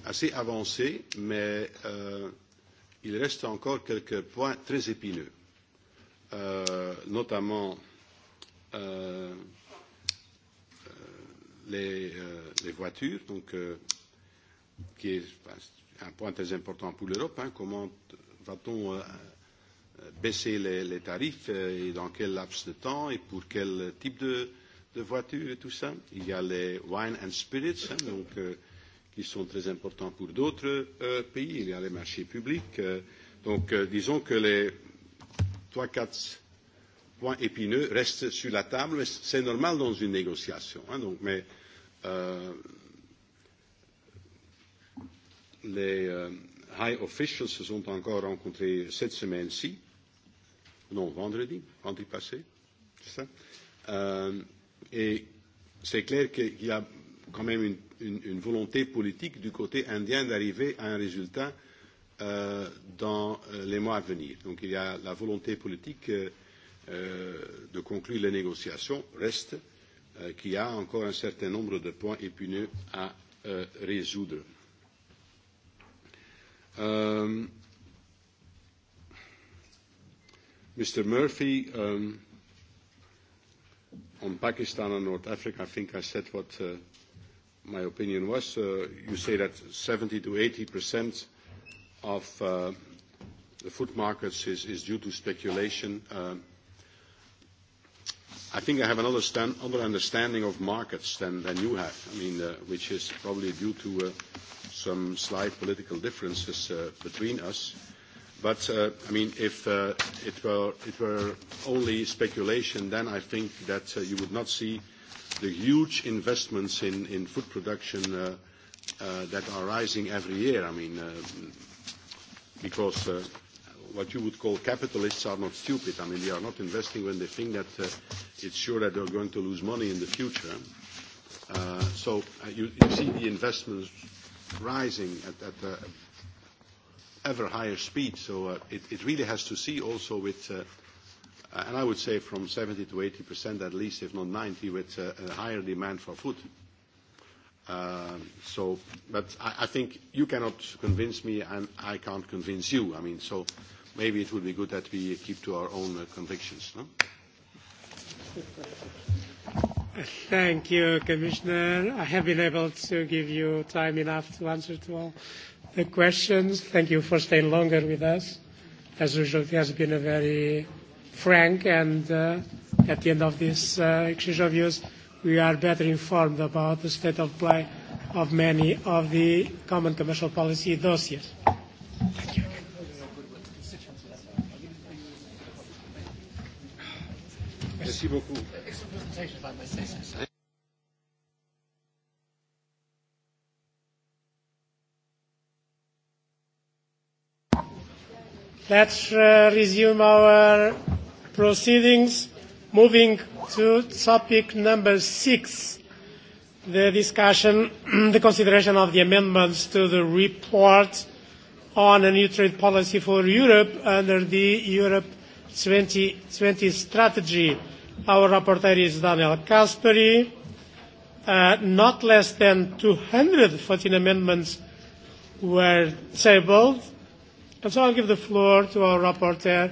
assez avancés, mais euh, il reste encore quelques points très épineux, euh, notamment euh, les, euh, les voitures, donc, euh, qui est, un point très important pour l'Europe. Hein, comment va-t-on euh, baisser les, les tarifs euh, et dans quel laps de temps et pour quel type de, de voiture et tout ça Il y a les wine and spirits, hein, donc, euh, qui sont très importants pour d'autres euh, pays. Il y a les marchés publics. Euh, donc, euh, disons que les 3-4 points épineux restent sur la table. C'est normal dans une négociation. Hein, donc, mais euh, les high officials se sont encore rencontrés cette semaine-ci, non, vendredi, vendredi passé, c'est ça. et c'est clair qu'il y a quand même une, une, une volonté politique du côté indien d'arriver à un résultat dans les mois à venir. Donc il y a la volonté politique de conclure les négociations, reste qu'il y a encore un certain nombre de points épineux à résoudre. Mr. Murphy, um, on Pakistan and North Africa, I think I said what uh, my opinion was. Uh, you say that 70 to 80 percent of uh, the food markets is, is due to speculation. Uh, I think I have another, stand, other understanding of markets than, than you have, I mean, uh, which is probably due to uh, some slight political differences between us. But, I mean, if it were only speculation, then I think that you would not see the huge investments in food production that are rising every year. I mean, because what you would call capitalists are not stupid. I mean, they are not investing when they think that it's sure that they're going to lose money in the future. So you see the investments rising at, at uh, ever higher speed. So uh, it, it really has to see also with, uh, and I would say from 70 to 80 percent at least, if not 90, with uh, a higher demand for food. So, but I, I think you cannot convince me, and I can't convince you. I mean, so maybe it would be good that we keep to our own uh, convictions. No? Thank you, Commissioner. I have been able to give you time enough to answer to all the questions. Thank you for staying longer with us. As usual, it has been a very frank and uh, at the end of this uh, exchange of views, we are better informed about the state of play of many of the common commercial policy dossiers. Thank you. Merci beaucoup. Let's uh, resume our proceedings, moving to topic number six, the discussion, the consideration of the amendments to the report on a new trade policy for Europe under the Europe 2020 strategy. Our rapporteur is Daniel Kasperi. Uh, not less than 214 amendments were tabled. And so I'll give the floor to our rapporteur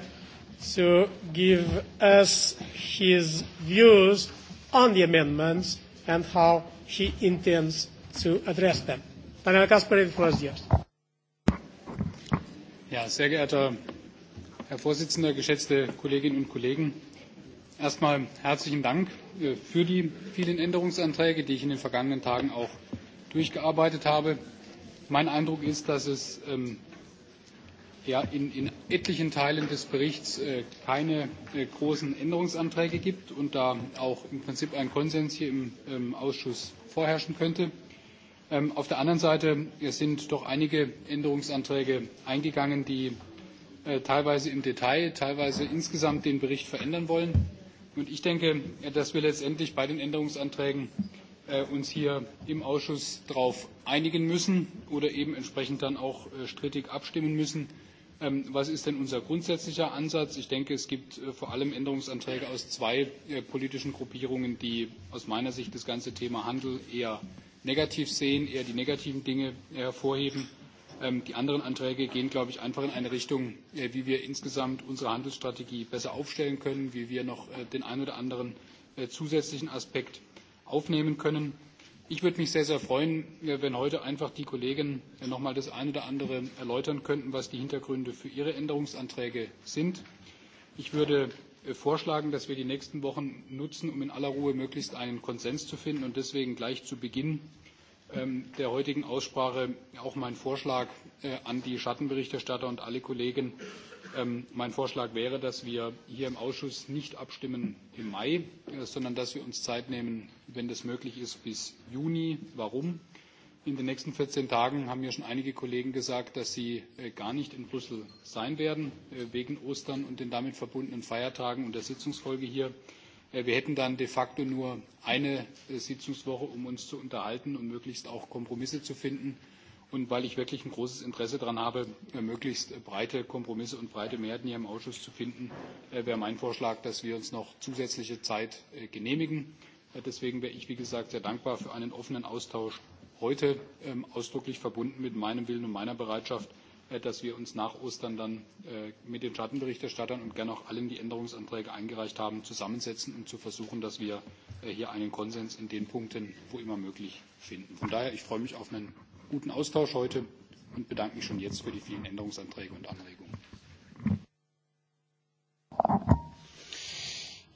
to give us his views on the amendments and how he intends to address them. Daniel Caspary, the floor is yours. Ja, sehr geehrter Herr Vorsitzender, geschätzte Kolleginnen und Kollegen! Erstmal herzlichen Dank für die vielen Änderungsanträge, die ich in den vergangenen Tagen auch durchgearbeitet habe. Mein Eindruck ist, dass es in, etlichen Teilen des Berichts keine großen Änderungsanträge gibt und da auch im Prinzip ein Konsens hier im Ausschuss vorherrschen könnte. auf der anderen Seite sind doch einige Änderungsanträge eingegangen, die teilweise im Detail, teilweise insgesamt den Bericht verändern wollen. Und ich denke, dass wir letztendlich bei den Änderungsanträgen uns hier im Ausschuss darauf einigen müssen oder eben entsprechend dann auch strittig abstimmen müssen. Was ist denn unser grundsätzlicher Ansatz? Ich denke, es gibt vor allem Änderungsanträge aus zwei politischen Gruppierungen, die aus meiner Sicht das ganze Thema Handel eher negativ sehen, eher die negativen Dinge hervorheben die anderen Anträge gehen, glaube ich, einfach in eine Richtung, wie wir insgesamt unsere Handelsstrategie besser aufstellen können, wie wir noch den einen oder anderen zusätzlichen Aspekt aufnehmen können. Ich würde mich sehr, sehr freuen, wenn heute einfach die Kollegen noch mal das eine oder andere erläutern könnten, was die Hintergründe für ihre Änderungsanträge sind. Ich würde vorschlagen, dass wir die nächsten Wochen nutzen, um in aller Ruhe möglichst einen Konsens zu finden und deswegen gleich zu Beginn der heutigen Aussprache auch mein Vorschlag an die Schattenberichterstatter und alle Kollegen. Mein Vorschlag wäre, dass wir hier im Ausschuss nicht abstimmen im Mai, sondern dass wir uns Zeit nehmen, wenn das möglich ist, bis Juni. Warum? In den nächsten vierzehn Tagen haben mir schon einige Kollegen gesagt, dass sie gar nicht in Brüssel sein werden, wegen Ostern und den damit verbundenen Feiertagen und der Sitzungsfolge hier. Wir hätten dann de facto nur eine Sitzungswoche, um uns zu unterhalten und möglichst auch Kompromisse zu finden. Und weil ich wirklich ein großes Interesse daran habe, möglichst breite Kompromisse und breite Mehrheiten hier im Ausschuss zu finden, wäre mein Vorschlag, dass wir uns noch zusätzliche Zeit genehmigen. Deswegen wäre ich, wie gesagt, sehr dankbar für einen offenen Austausch heute, ausdrücklich verbunden mit meinem Willen und meiner Bereitschaft, dass wir uns nach Ostern dann mit den Schattenberichterstattern und gerne auch allen, die Änderungsanträge eingereicht haben, zusammensetzen, um zu versuchen, dass wir hier einen Konsens in den Punkten, wo immer möglich, finden. Von daher, ich freue mich auf einen guten Austausch heute und bedanke mich schon jetzt für die vielen Änderungsanträge und Anregungen.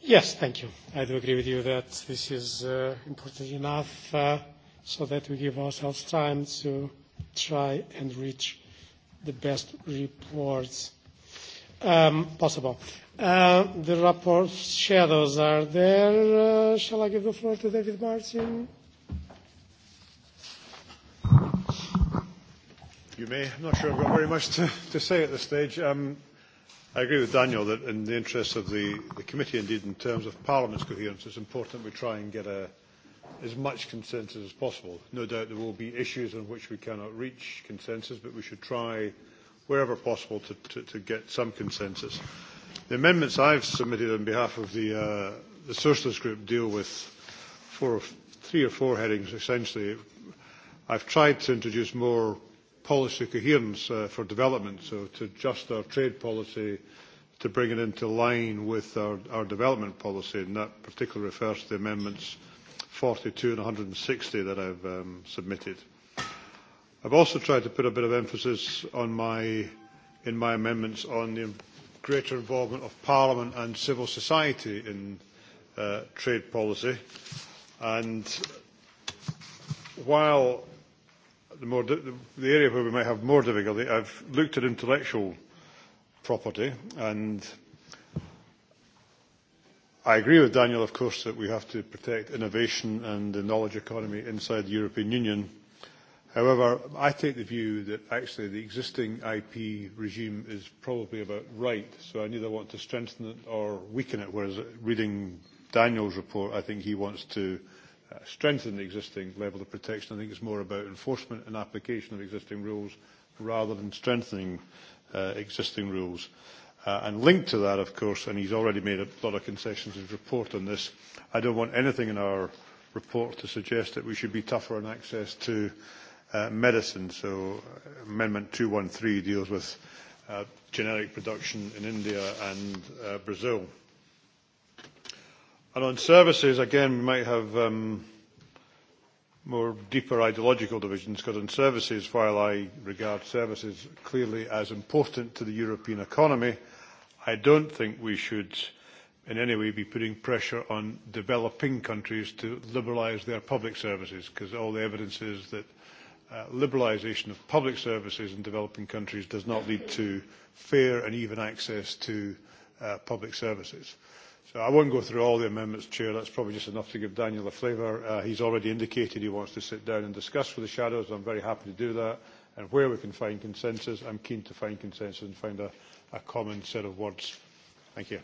Yes, thank you. I do agree with you that this is uh, important enough uh, so that we give ourselves time to try and reach the best reports um, possible. Uh, the rapport shadows are there. Uh, shall I give the floor to David Martin? You may. I'm not sure I've got very much to, to say at this stage. Um, I agree with Daniel that in the interests of the, the committee, indeed in terms of Parliament's coherence, it's important we try and get a, as much consensus as possible. No doubt there will be issues on which we cannot reach consensus, but we should try wherever possible to, to, to get some consensus. The amendments I've submitted on behalf of the, uh, the Socialist Group deal with four, three or four headings essentially. I've tried to introduce more policy coherence uh, for development, so to adjust our trade policy to bring it into line with our, our development policy, and that particularly refers to the amendments 42 and 160 that I've um, submitted. I've also tried to put a bit of emphasis on my, in my amendments on the greater involvement of Parliament and civil society in uh, trade policy. And while the, more the area where we might have more difficulty, I've looked at intellectual property and I agree with Daniel, of course, that we have to protect innovation and the knowledge economy inside the European Union. However, I take the view that actually the existing IP regime is probably about right, so I neither want to strengthen it or weaken it, whereas reading Daniel's report, I think he wants to strengthen the existing level of protection. I think it's more about enforcement and application of existing rules rather than strengthening existing rules and linked to that, of course, and he's already made a lot of concessions in his report on this, I don't want anything in our report to suggest that we should be tougher on access to uh, medicine. So Amendment 213 deals with uh, generic production in India and uh, Brazil. And on services, again, we might have um, more deeper ideological divisions, because on services, while I regard services clearly as important to the European economy, I don't think we should in any way be putting pressure on developing countries to liberalise their public services because all the evidence is that uh, liberalisation of public services in developing countries does not lead to fair and even access to uh, public services. So I won't go through all the amendments, Chair. That's probably just enough to give Daniel a flavour. Uh, he's already indicated he wants to sit down and discuss with the shadows. I'm very happy to do that. And where we can find consensus, I'm keen to find consensus and find a, a common set of words. Thank you.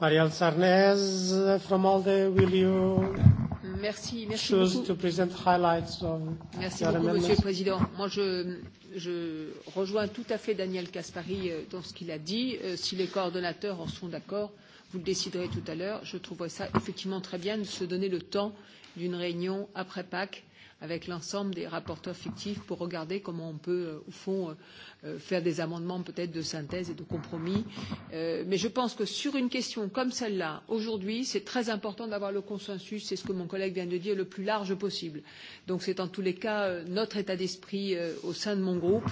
Marielle Sarnez from ALDE, will you Merci, merci choose beaucoup. to present highlights of Merci the beaucoup, Monsieur le Président. Moi, je, je rejoins tout à fait Daniel Caspary dans ce qu'il a dit. Si les coordonnateurs en sont d'accord, vous le déciderez tout à l'heure. Je trouverais ça effectivement très bien de se donner le temps d'une réunion après Pâques avec l'ensemble des rapporteurs fictifs pour regarder comment on peut, au fond, faire des amendements peut-être de synthèse et de compromis. Mais je pense que sur une question comme celle-là, aujourd'hui, c'est très important d'avoir le consensus, c'est ce que mon collègue vient de dire, le plus large possible. Donc c'est en tous les cas notre état d'esprit au sein de mon groupe.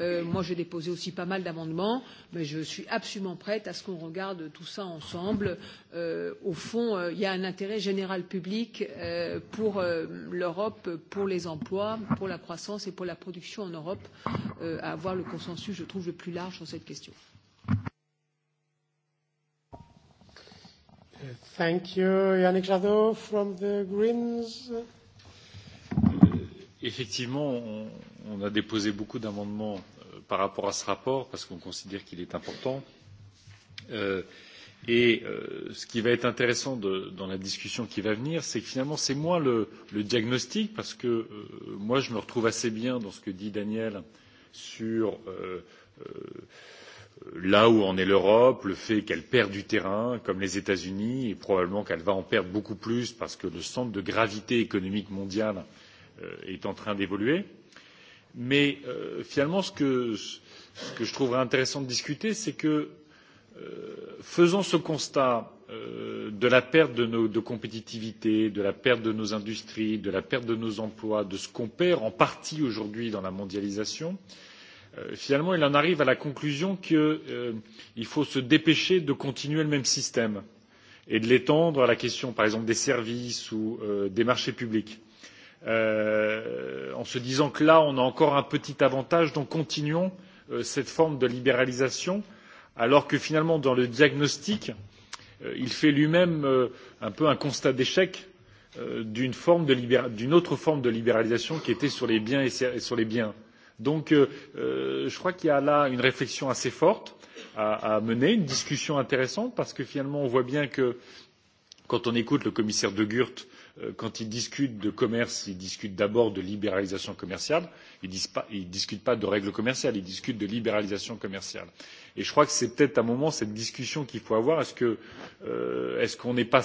Moi, j'ai déposé aussi pas mal d'amendements, mais je suis absolument prête à ce qu'on regarde tout ça ensemble au fond, il y a un intérêt général public pour l'Europe, pour les emplois, pour la croissance et pour la production en Europe à avoir le consensus, je trouve, le plus large sur cette question. Thank you. Yannick Jadot from the Greens. Effectivement, on, on a déposé beaucoup d'amendements par rapport à ce rapport parce qu'on considère qu'il est important. Euh, Et ce qui va être intéressant dans la discussion qui va venir, c'est que finalement, c'est moins le, diagnostic, parce que moi, je me retrouve assez bien dans ce que dit Daniel sur là où en est l'Europe, le fait qu'elle perd du terrain, comme les États-Unis, et probablement qu'elle va en perdre beaucoup plus parce que le centre de gravité économique mondiale est en train d'évoluer. Mais finalement, ce que, je trouverais intéressant de discuter, c'est que faisons ce constat de la perte de nos compétitivité, de la perte de nos industries, de la perte de nos emplois, de ce qu'on perd en partie aujourd'hui dans la mondialisation, finalement, il en arrive à la conclusion qu'il faut se dépêcher de continuer le même système et de l'étendre à la question, par exemple, des services ou des marchés publics, en se disant que là, on a encore un petit avantage, donc continuons cette forme de libéralisation euh, alors que finalement dans le diagnostic il fait lui même un peu un constat d'échec d'une autre forme de libéralisation qui était sur les biens et sur les biens. donc je crois qu'il y a là une réflexion assez forte à mener une discussion intéressante parce que finalement on voit bien que quand on écoute le commissaire de gucht quand il discute de commerce il discute d'abord de libéralisation commerciale il ne discute pas de règles commerciales il discute de libéralisation commerciale Et je crois que c'est peut-être à un moment cette discussion qu'il faut avoir. Est-ce que, euh, est-ce qu'on est pas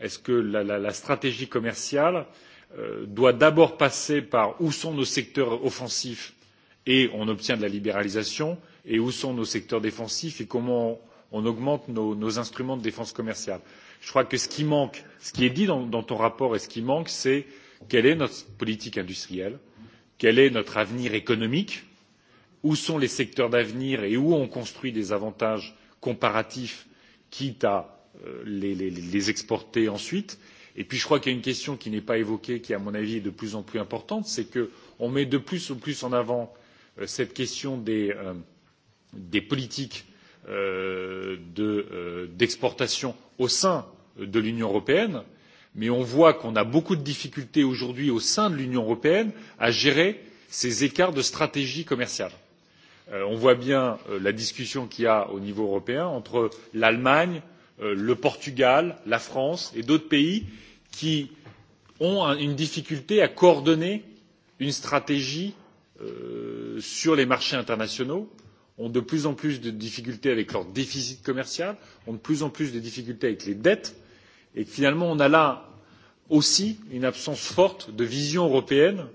est-ce que la, la, la stratégie commerciale euh, doit d'abord passer par où sont nos secteurs offensifs et on obtient de la libéralisation et où sont nos secteurs défensifs et comment on augmente nos, instruments de défense commerciale. Je crois que ce qui manque, ce qui est dit dans, ton rapport et ce qui manque, c'est quelle est notre politique industrielle, quel est notre avenir économique où sont les secteurs d'avenir et où on construit des avantages comparatifs, quitte à les, exporter ensuite. Et puis je crois qu'il y a une question qui n'est pas évoquée, qui à mon avis est de plus en plus importante, c'est qu'on met de plus en plus en avant cette question des, politiques d'exportation au sein de l'Union européenne, mais on voit qu'on a beaucoup de difficultés aujourd'hui au sein de l'Union européenne à gérer ces écarts de stratégie commerciale on voit bien la discussion qu'il y a au niveau européen entre l'allemagne le portugal la france et d'autres pays qui ont une difficulté à coordonner une stratégie sur les marchés internationaux ont de plus en plus de difficultés avec leur déficit commercial ont de plus en plus de difficultés avec les dettes et finalement on a là aussi une absence forte de vision européenne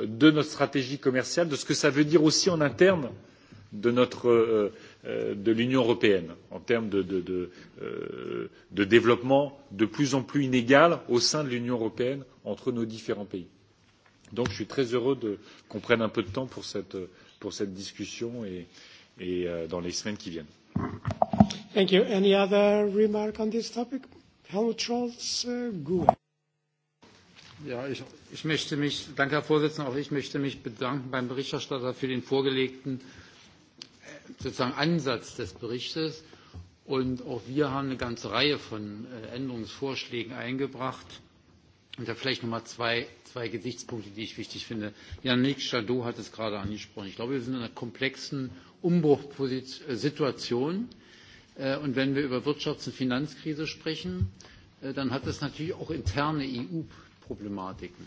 de notre stratégie commerciale, de ce que cela veut dire aussi en interne de l'Union européenne, en termes de, développement de plus en plus inégal au sein de l'Union européenne entre nos différents pays. Donc je suis très heureux qu'on prenne un peu de temps pour cette, discussion et, dans les semaines qui viennent. Thank you. Any other remark on this topic? Helmut Scholz, uh, danke Herr Vorsitzender, auch ich möchte mich bedanken beim Berichterstatter für den vorgelegten Ansatz des Berichts, Und auch wir haben eine ganze Reihe von Änderungsvorschlägen eingebracht. Und da vielleicht noch mal zwei Gesichtspunkte, die ich wichtig finde. Yannick Jadot hat es gerade angesprochen. Ich glaube, wir sind in einer komplexen Umbruchsituation. Und wenn wir über Wirtschafts- und Finanzkrise sprechen, dann hat das natürlich auch interne EU Problematiken.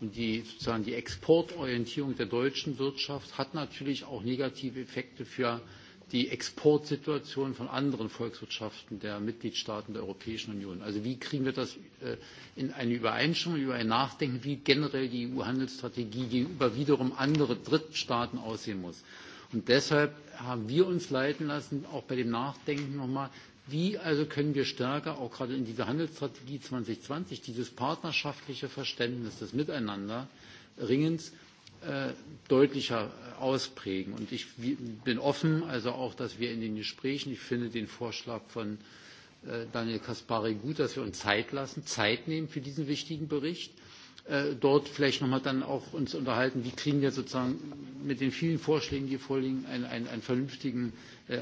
Und die, sozusagen die Exportorientierung der deutschen Wirtschaft hat natürlich auch negative Effekte für die Exportsituation von anderen Volkswirtschaften der Mitgliedstaaten der Europäischen Union. Also wie kriegen wir das in eine Übereinstimmung, über ein Nachdenken, wie generell die EU-Handelsstrategie gegenüber wiederum anderen Drittstaaten aussehen muss. Und deshalb haben wir uns leiten lassen, auch bei dem Nachdenken nochmal, Wie also können wir stärker, auch gerade in dieser Handelsstrategie 2020, dieses partnerschaftliche Verständnis des Miteinanderringens deutlicher ausprägen? Und ich bin offen, also auch, dass wir in den Gesprächen, ich finde den Vorschlag von Daniel Caspary gut, dass wir uns Zeit lassen, Zeit nehmen für diesen wichtigen Bericht dort vielleicht nochmal dann auch uns unterhalten, wie kriegen wir sozusagen mit den vielen Vorschlägen, die vorliegen, einen, vernünftigen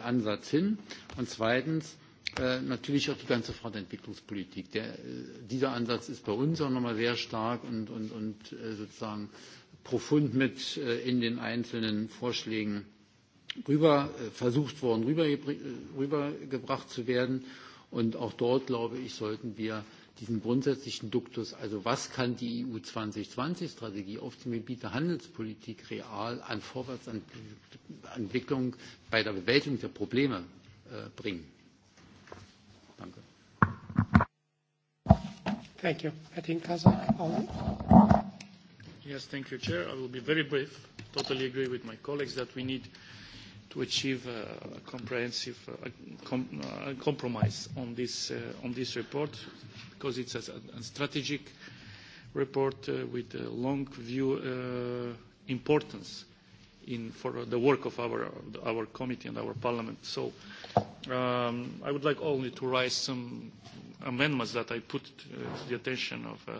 Ansatz hin. Und zweitens, natürlich auch die ganze Frage der Entwicklungspolitik. dieser Ansatz ist bei uns auch nochmal sehr stark und, sozusagen profund mit in den einzelnen Vorschlägen versucht worden, rübergebracht zu werden. Und auch dort, glaube ich, sollten wir diesen grundsätzlichen Duktus, also was kann die EU 2020-Strategie auf dem Gebiet der Handelspolitik real an Vorwärtsentwicklung bei der Bewältigung der Probleme bringen? Thank you. Metin Kazak, Yes, thank you, Chair. I will be very brief. Totally agree with my colleagues that we need to achieve a comprehensive compromise on this report because it's a strategic report with a long view importance in for the work of our our committee and our parliament. So um, I would like only to raise some amendments that I put to the attention of uh,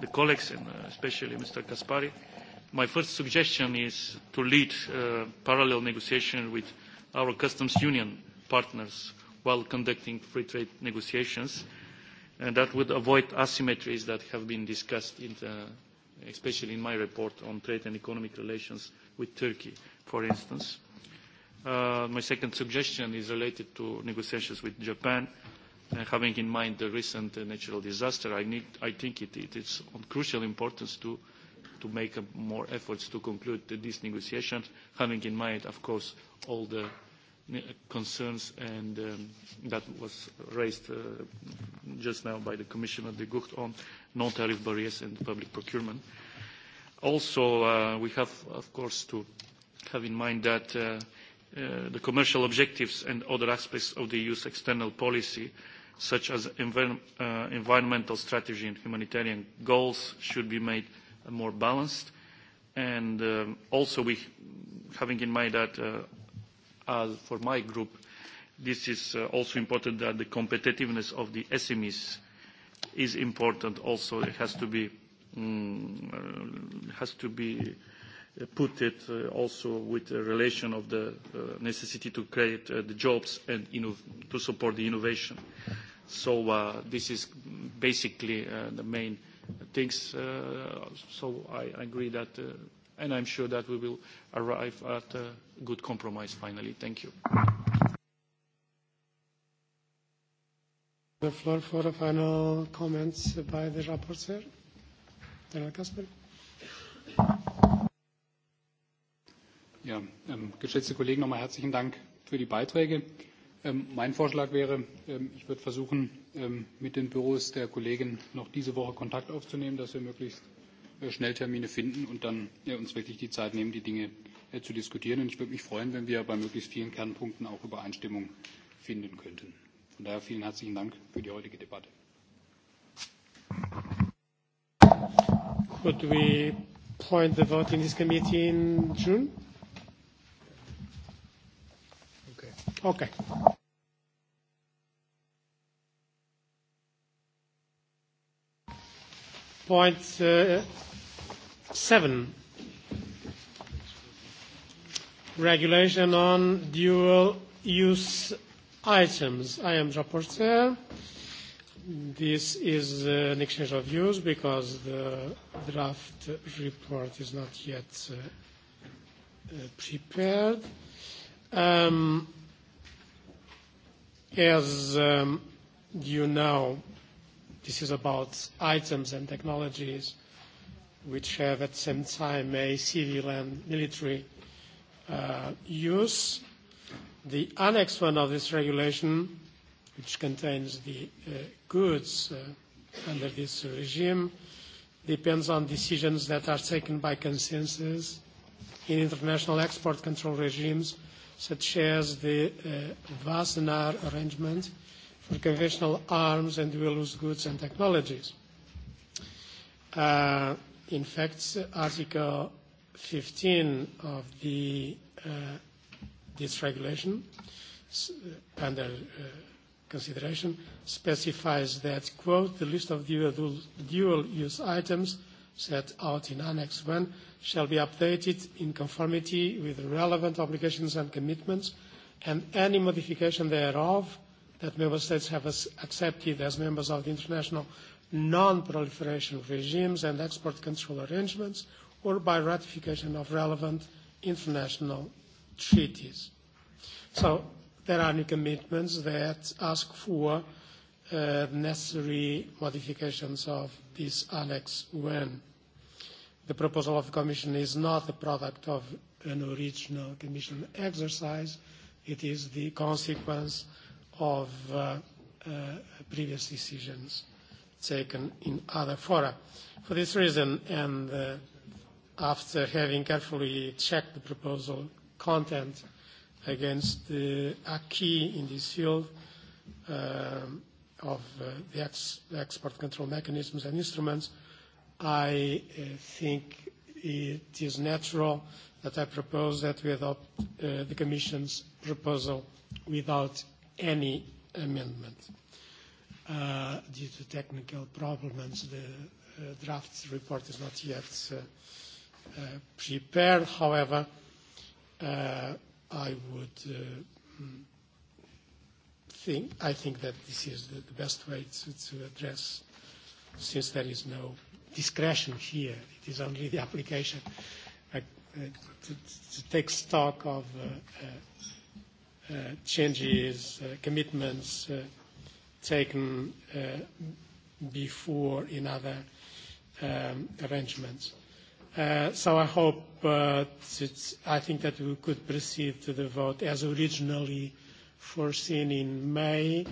the colleagues and especially Mr. Kaspari. My first suggestion is to lead uh, parallel negotiation with our customs union partners while conducting free trade negotiations, and that would avoid asymmetries that have been discussed in the especially in my report on trade and economic relations with Turkey, for instance. Uh, my second suggestion is related to negotiations with Japan. And having in mind the recent uh, natural disaster, I, need, I think it, it is of crucial importance to, to make a, more efforts to conclude these negotiations, having in mind, of course, all the concerns and um, that was raised uh, just now by the Commissioner de Gucht on non-tariff barriers and public procurement. Uh, Also, we have, of course, to have in mind that the commercial objectives and other aspects of the EU's external policy, such as environmental strategy and humanitarian goals, should be made more balanced. And also, we having in mind that as for my group, this is also important that the competitiveness of the SMEs is important also. It has to be um has to be put it uh, also with the relation of the uh, necessity to create uh, the jobs and to support the innovation. So uh, this is basically uh, the main things. Uh, so I agree that, uh, and I'm sure that we will arrive at a good compromise finally. Thank you. The floor for final comments by the rapporteur. Herr Kasper. Ja, ähm, geschätzte Kollegen, nochmal herzlichen Dank für die Beiträge. Ähm, mein Vorschlag wäre, ähm, ich würde versuchen, ähm, mit den Büros der Kollegen noch diese Woche Kontakt aufzunehmen, dass wir möglichst äh, schnell Termine finden und dann äh, uns wirklich die Zeit nehmen, die Dinge äh, zu diskutieren. Und ich würde mich freuen, wenn wir bei möglichst vielen Kernpunkten auch Übereinstimmung finden könnten. Von daher vielen herzlichen Dank für die heutige Debatte. Could we point the vote in this committee in June? Okay. Okay. Point uh, seven. Regulation on dual use items. I am rapporteur. This is an exchange of views because the draft report is not yet prepared. As you know, this is about items and technologies which have at the same time a civil and military use. The Annex 1 of this regulation which contains the goods under this regime depends on decisions that are taken by consensus in international export control regimes such as the Wassenaar Arrangement for conventional arms and dual-use goods and technologies. in fact, Article 15 of the, this regulation under consideration specifies that, quote, "The list of dual-use items set out in Annex 1 shall be updated in conformity with the relevant obligations and commitments, and any modification thereof that member states have accepted as members of the international non-proliferation regimes and export control arrangements or by ratification of relevant international treaties." So there are new commitments that ask for uh, necessary modifications of this Annex 1. The proposal of the Commission is not the product of an original Commission exercise. It is the consequence of uh, uh, previous decisions taken in other fora. For this reason, and uh, after having carefully checked the proposal content, against the acquis in this field um, of uh, the ex export control mechanisms and instruments, I uh, think it is natural that I propose that we adopt uh, the Commission's proposal without any amendment. Uh, due to technical problems, the uh, draft report is not yet uh, uh, prepared. However, uh, I would uh, think I think that this is the, the best way to, to address, since there is no discretion here. It is only the application uh, uh, to, to take stock of uh, uh, uh, changes, uh, commitments uh, taken uh, before in other um, arrangements. So I hope, I think that we could proceed to the vote as originally foreseen in May.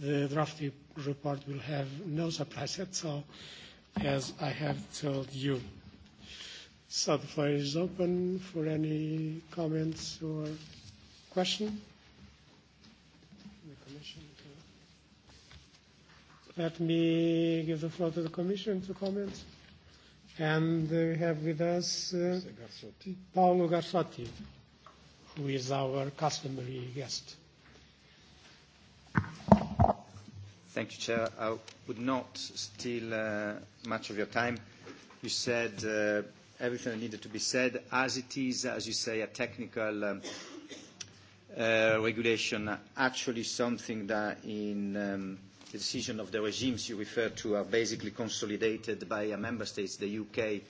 The draft report will have no surprise at all, as I have told you. So the floor is open for any comments or question. Let me give the floor to the commission to comment. And we have with us uh, Paolo Garzotti, who is our customary guest. Thank you, Chair. I would not steal uh, much of your time. You said uh, everything that needed to be said, as it is, as you say, a technical um, uh, regulation, actually something that in um, – the decision of the regimes you refer to are basically consolidated by a member state. The UK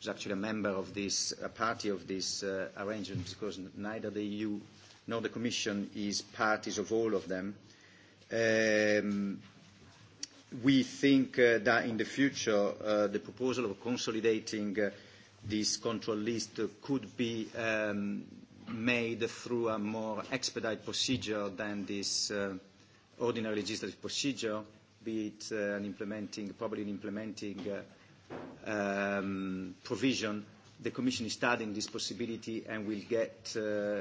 is actually a member of this, a party of this uh, arrangement because neither the EU nor the Commission is parties of all of them. Um, we think uh, that in the future uh, the proposal of consolidating uh, this control list could be um, made through a more expedited procedure than this uh, ordinary legislative procedure, be it uh, an implementing, probably an implementing uh, um, provision, the Commission is studying this possibility and will get uh,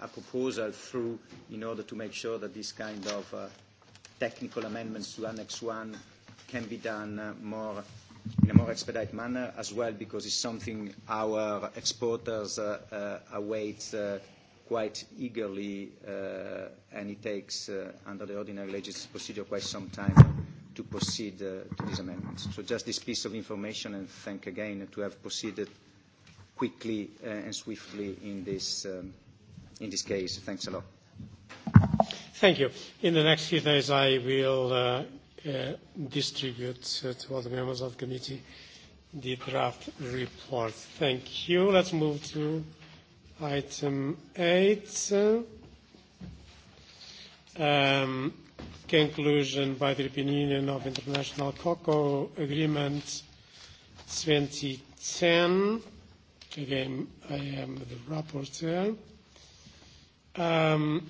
a proposal through in order to make sure that this kind of uh, technical amendments to Annex 1 can be done more in a more expedited manner as well because it's something our exporters await uh quite eagerly, uh, and it takes, uh, under the ordinary legislative procedure, quite some time to proceed uh, to these amendments. So just this piece of information, and thank again to have proceeded quickly uh, and swiftly in this, um, in this case. Thanks a lot. Thank you. In the next few days, I will uh, uh, distribute uh, to all the members of the committee the draft report. Thank you. Let's move to Item 8, um, conclusion by the European Union of International Cocoa Agreement 2010. Again, I am the rapporteur. Um,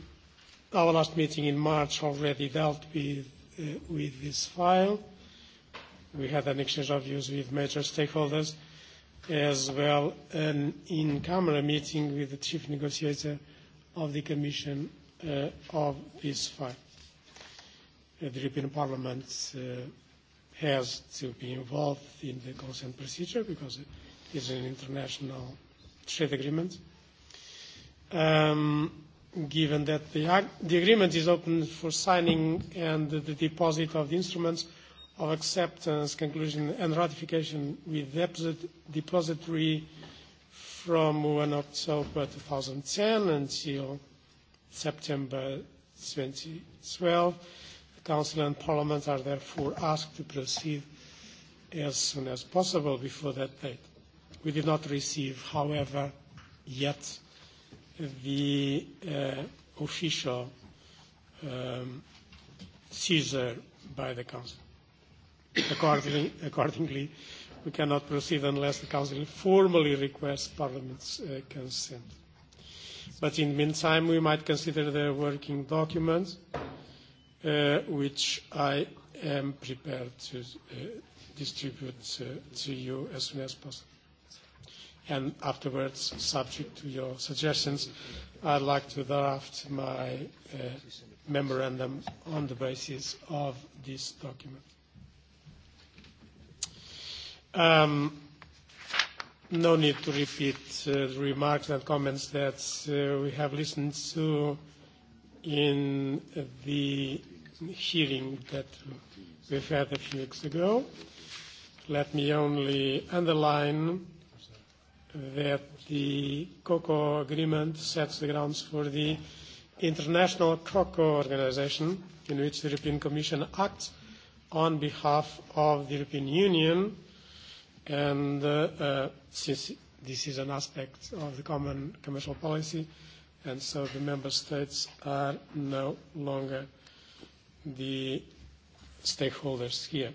our last meeting in March already dealt with, uh, with this file. We had an exchange of views with major stakeholders as well an in-camera meeting with the chief negotiator of the Commission uh, of this file. The European Parliament uh, has to be involved in the consent procedure because it is an international trade agreement. Um, given that the, ag- the agreement is open for signing and the deposit of the instruments of acceptance, conclusion, and ratification with depository from 1 October 2010 until September 2012. The Council and Parliament are therefore asked to proceed as soon as possible before that date. We did not receive, however, yet the official um, seizure by the Council. Accordingly, accordingly, we cannot proceed unless the Council formally requests Parliament's uh, consent. But in the meantime, we might consider the working document, uh, which I am prepared to uh, distribute uh, to you as soon as possible. And afterwards, subject to your suggestions, I'd like to draft my uh, memorandum on the basis of this document no need to repeat the remarks and comments that we have listened to in the hearing that we've had a few weeks ago. Let me only underline that the COCO agreement sets the grounds for the International cocoa Organization, in which the European Commission acts on behalf of the European Union And since this is an aspect of the common commercial policy, and so the member states are no longer the stakeholders here.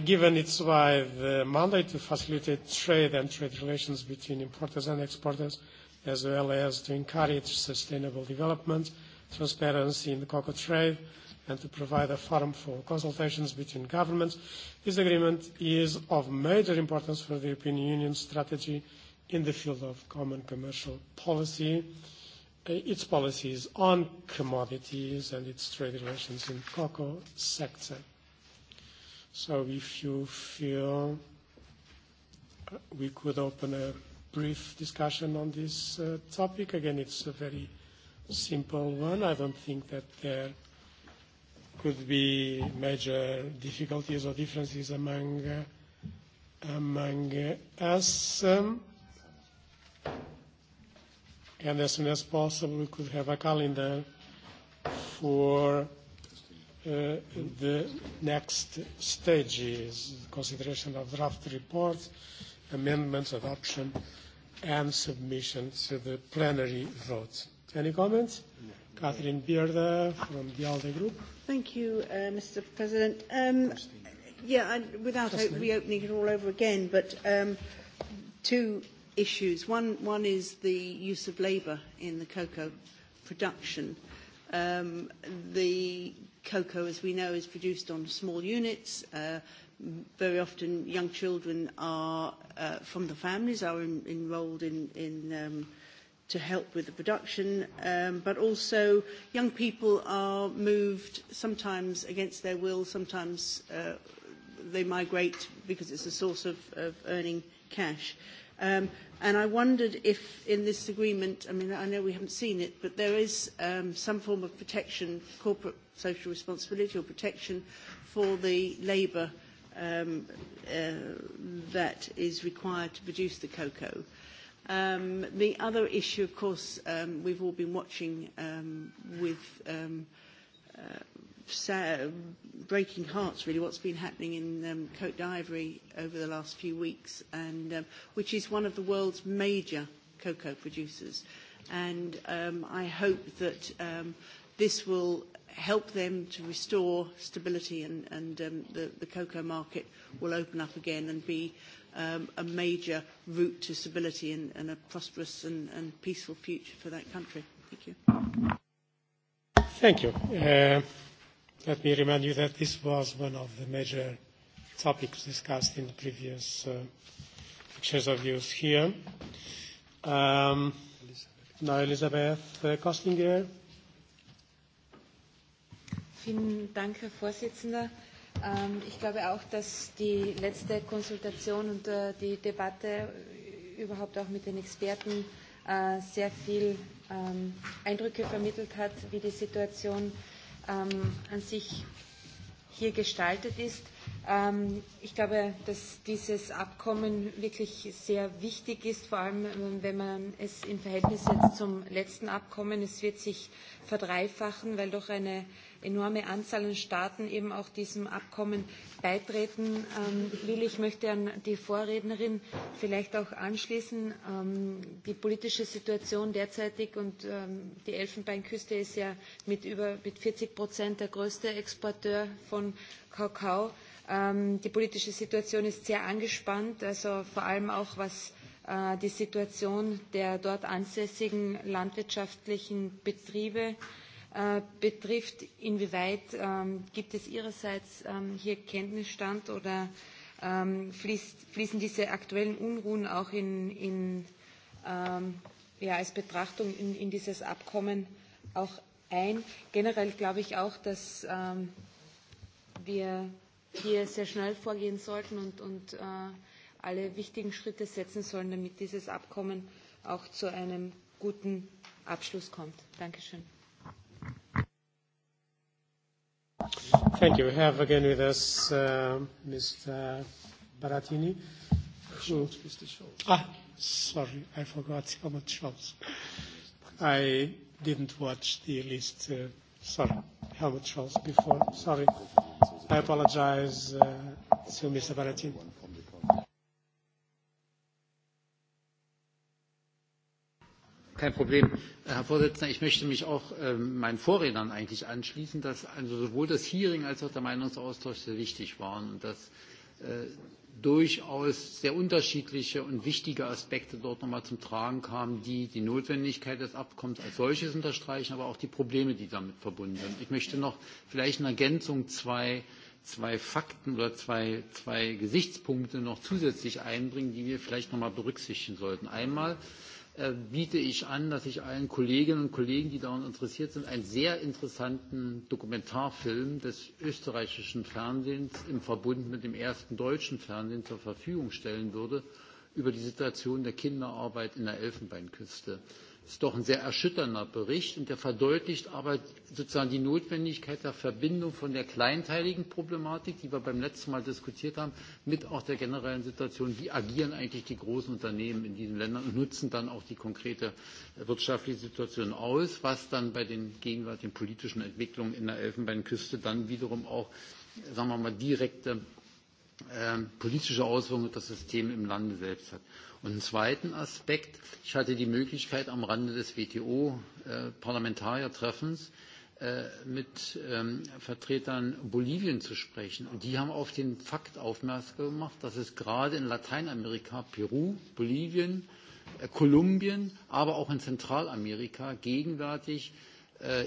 Given its wide mandate to facilitate trade and trade relations between importers and exporters, as well as to encourage sustainable development, transparency in the cocoa trade, and to provide a forum for consultations between governments. This agreement is of major importance for the European Union's strategy in the field of common commercial policy, its policies on commodities and its trade relations in cocoa sector. So if you feel we could open a brief discussion on this uh, topic. Again, it's a very simple one. I don't think that there could be major difficulties or differences among uh, among us. Um, and as soon as possible, we could have a calendar for uh, the next stages, consideration of draft reports, amendments, adoption, and submission to the plenary vote. Any comments? Catherine Bierda from the ALDE Group. Thank you, uh, Mr. President. Um, yeah, I, without reopening it all over again, but um, two issues. One, one is the use of labour in the cocoa production. Um, the cocoa, as we know, is produced on small units. Uh, very often, young children are uh, from the families are in, enrolled in, in um, to help with the production, um, but also young people are moved sometimes against their will, sometimes uh, they migrate because it's a source of, of earning cash. Um, and I wondered if in this agreement, I mean, I know we haven't seen it, but there is um, some form of protection, corporate social responsibility or protection for the labour um, uh, that is required to produce the cocoa. Um, the other issue, of course, um, we've all been watching um, with um, uh, sad, breaking hearts, really, what's been happening in um, Cote d'Ivory over the last few weeks, and um, which is one of the world's major cocoa producers. And um, I hope that um, this will help them to restore stability and, and um, the, the cocoa market will open up again and be um, a major route to stability and, and a prosperous and, and peaceful future for that country. Thank you. Thank you. Uh, let me remind you that this was one of the major topics discussed in the previous uh, pictures of views here. Um, now, Elisabeth Kostinger. Vielen Dank, Herr Vorsitzender ich glaube auch, dass die letzte Konsultation und die Debatte überhaupt auch mit den Experten sehr viel Eindrücke vermittelt hat, wie die Situation an sich hier gestaltet ist. ich glaube, dass dieses Abkommen wirklich sehr wichtig ist, vor allem wenn man es im Verhältnis setzt zum letzten Abkommen. Es wird sich verdreifachen, weil doch eine enorme Anzahl an Staaten eben auch diesem Abkommen beitreten will. Ich möchte an die Vorrednerin vielleicht auch anschließen. Die politische Situation derzeitig und die Elfenbeinküste ist ja mit über mit 40 Prozent der größte Exporteur von Kakao. Die politische Situation ist sehr angespannt, also vor allem auch was die Situation der dort ansässigen landwirtschaftlichen Betriebe betrifft, inwieweit gibt es Ihrerseits hier Kenntnisstand oder fließen diese aktuellen Unruhen auch in, ja, als Betrachtung in, in dieses Abkommen auch ein? Generell glaube ich auch, dass wir hier sehr schnell vorgehen sollten und, und alle wichtigen Schritte setzen sollen, damit dieses Abkommen auch zu einem guten Abschluss kommt. Dankeschön. Thank you. We have again with us Mr. Baratini. Schultz, Mr. Schultz. sorry, I forgot Helmut Schultz. I didn't watch the list. Uh, sorry, Helmut Schultz before. Sorry. I apologize to Mr. Baratini. Kein Problem. Herr Vorsitzender, ich möchte mich auch meinen Vorrednern eigentlich anschließen, dass also sowohl das Hearing als auch der Meinungsaustausch sehr wichtig waren und dass durchaus sehr unterschiedliche und wichtige Aspekte dort nochmal zum Tragen kamen, die die Notwendigkeit des Abkommens als solches unterstreichen, aber auch die Probleme, die damit verbunden sind. Ich möchte noch vielleicht in Ergänzung zwei zwei Fakten oder zwei, zwei Gesichtspunkte noch zusätzlich einbringen, die wir vielleicht nochmal berücksichtigen sollten. Einmal biete ich an, dass ich allen Kolleginnen und Kollegen, die daran interessiert sind, einen sehr interessanten Dokumentarfilm des österreichischen Fernsehens im Verbund mit dem ersten deutschen Fernsehen zur Verfügung stellen würde über die Situation der Kinderarbeit in der Elfenbeinküste. Das ist doch ein sehr erschütternder Bericht und der verdeutlicht aber sozusagen die Notwendigkeit der Verbindung von der kleinteiligen Problematik, die wir beim letzten Mal diskutiert haben, mit auch der generellen Situation, wie agieren eigentlich die großen Unternehmen in diesen Ländern und nutzen dann auch die konkrete wirtschaftliche Situation aus, was dann bei den gegenwärtigen politischen Entwicklungen in der Elfenbeinküste dann wiederum auch, sagen wir mal, direkte politische Auswirkungen auf das System im Lande selbst hat. Und einen zweiten Aspekt, ich hatte die Möglichkeit am Rande des WTO-Parlamentariertreffens mit Vertretern Bolivien zu sprechen. Und die haben auf den Fakt aufmerksam gemacht, dass es gerade in Lateinamerika, Peru, Bolivien, Kolumbien, aber auch in Zentralamerika gegenwärtig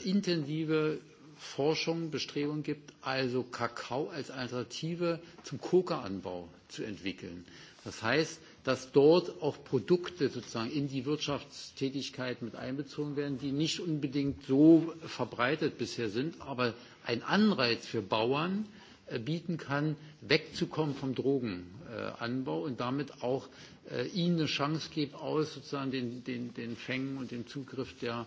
intensive Forschung Bestrebungen gibt, also Kakao als Alternative zum Kokaanbau zu entwickeln. Das heißt, dass dort auch Produkte sozusagen in die Wirtschaftstätigkeit mit einbezogen werden, die nicht unbedingt so verbreitet bisher sind, aber einen Anreiz für Bauern bieten kann, wegzukommen vom Drogenanbau und damit auch ihnen eine Chance gibt, aus sozusagen den, den, den Fängen und dem Zugriff der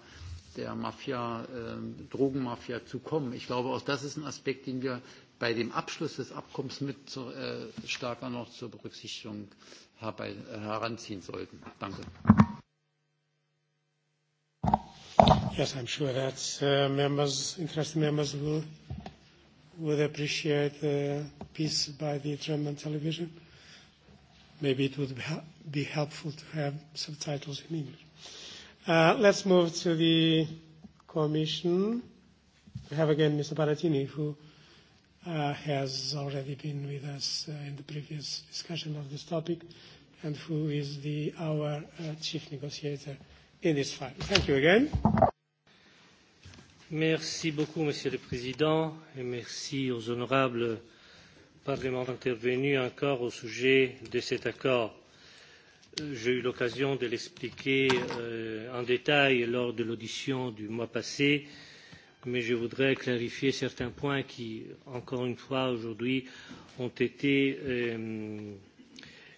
der Mafia, äh, Drogenmafia zu kommen. Ich glaube, auch das ist ein Aspekt, den wir bei dem Abschluss des Abkommens mit zu, äh, stärker noch zur Berücksichtigung herbei, heranziehen sollten. Danke. Yes, I'm sure that uh, members, interested members will, appreciate the piece by the German television. Maybe it would be helpful to have subtitles in English. Uh, let's move to the Commission. We have again Mr. Baratini, who uh, has already been with us uh, in the previous discussion of this topic and who is the, our uh, chief negotiator in this file. Thank you again. Merci beaucoup, Monsieur le Président, et merci aux honorables parlementaires intervenus encore au sujet de cet accord J'ai eu l'occasion de l'expliquer en détail lors de l'audition du mois passé, mais je voudrais clarifier certains points qui, encore une fois, aujourd'hui, ont été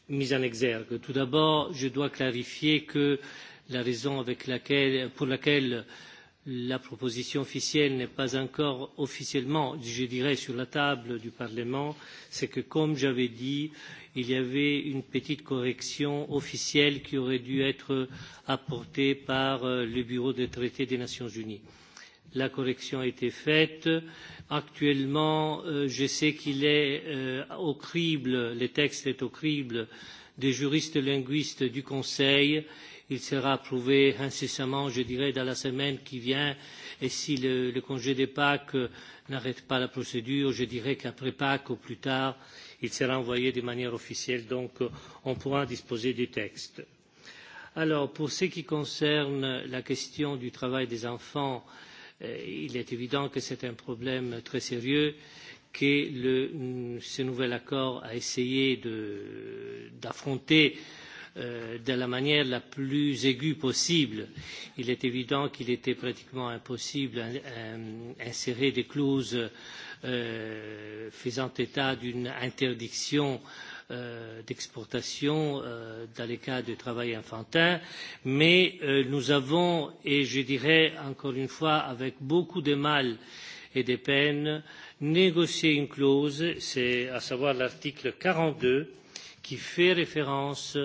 mis en exergue. Tout d'abord, je dois clarifier que la raison pour laquelle la proposition officielle n'est pas encore officiellement, je dirais, sur la table du Parlement, c'est que, comme j'avais dit, il y avait une petite correction officielle qui aurait dû être apportée par le Bureau des traités des Nations Unies. La correction a été faite. Actuellement, je sais qu'il est au crible, le texte est au crible des juristes linguistes du Conseil. Il sera approuvé incessamment, je dirais, dans la semaine qui vient. Et si le, congé des Pâques n'arrête pas la procédure, je dirais qu'après Pâques, au plus tard, il sera envoyé de manière officielle, donc on pourra disposer du texte. Alors, pour ce qui concerne la question du travail des enfants, il est évident que c'est un problème très sérieux que ce nouvel accord a essayé d'affronter euh, de la manière la plus aiguë possible. Il est évident qu'il était pratiquement impossible d'insérer des clauses faisant état d'une interdiction d'exportation dans les cas de travail infantin, mais nous avons, et je dirais encore une fois avec beaucoup de mal et de peine, négocié une clause, c'est à savoir l'article quarante deux, qui fait référence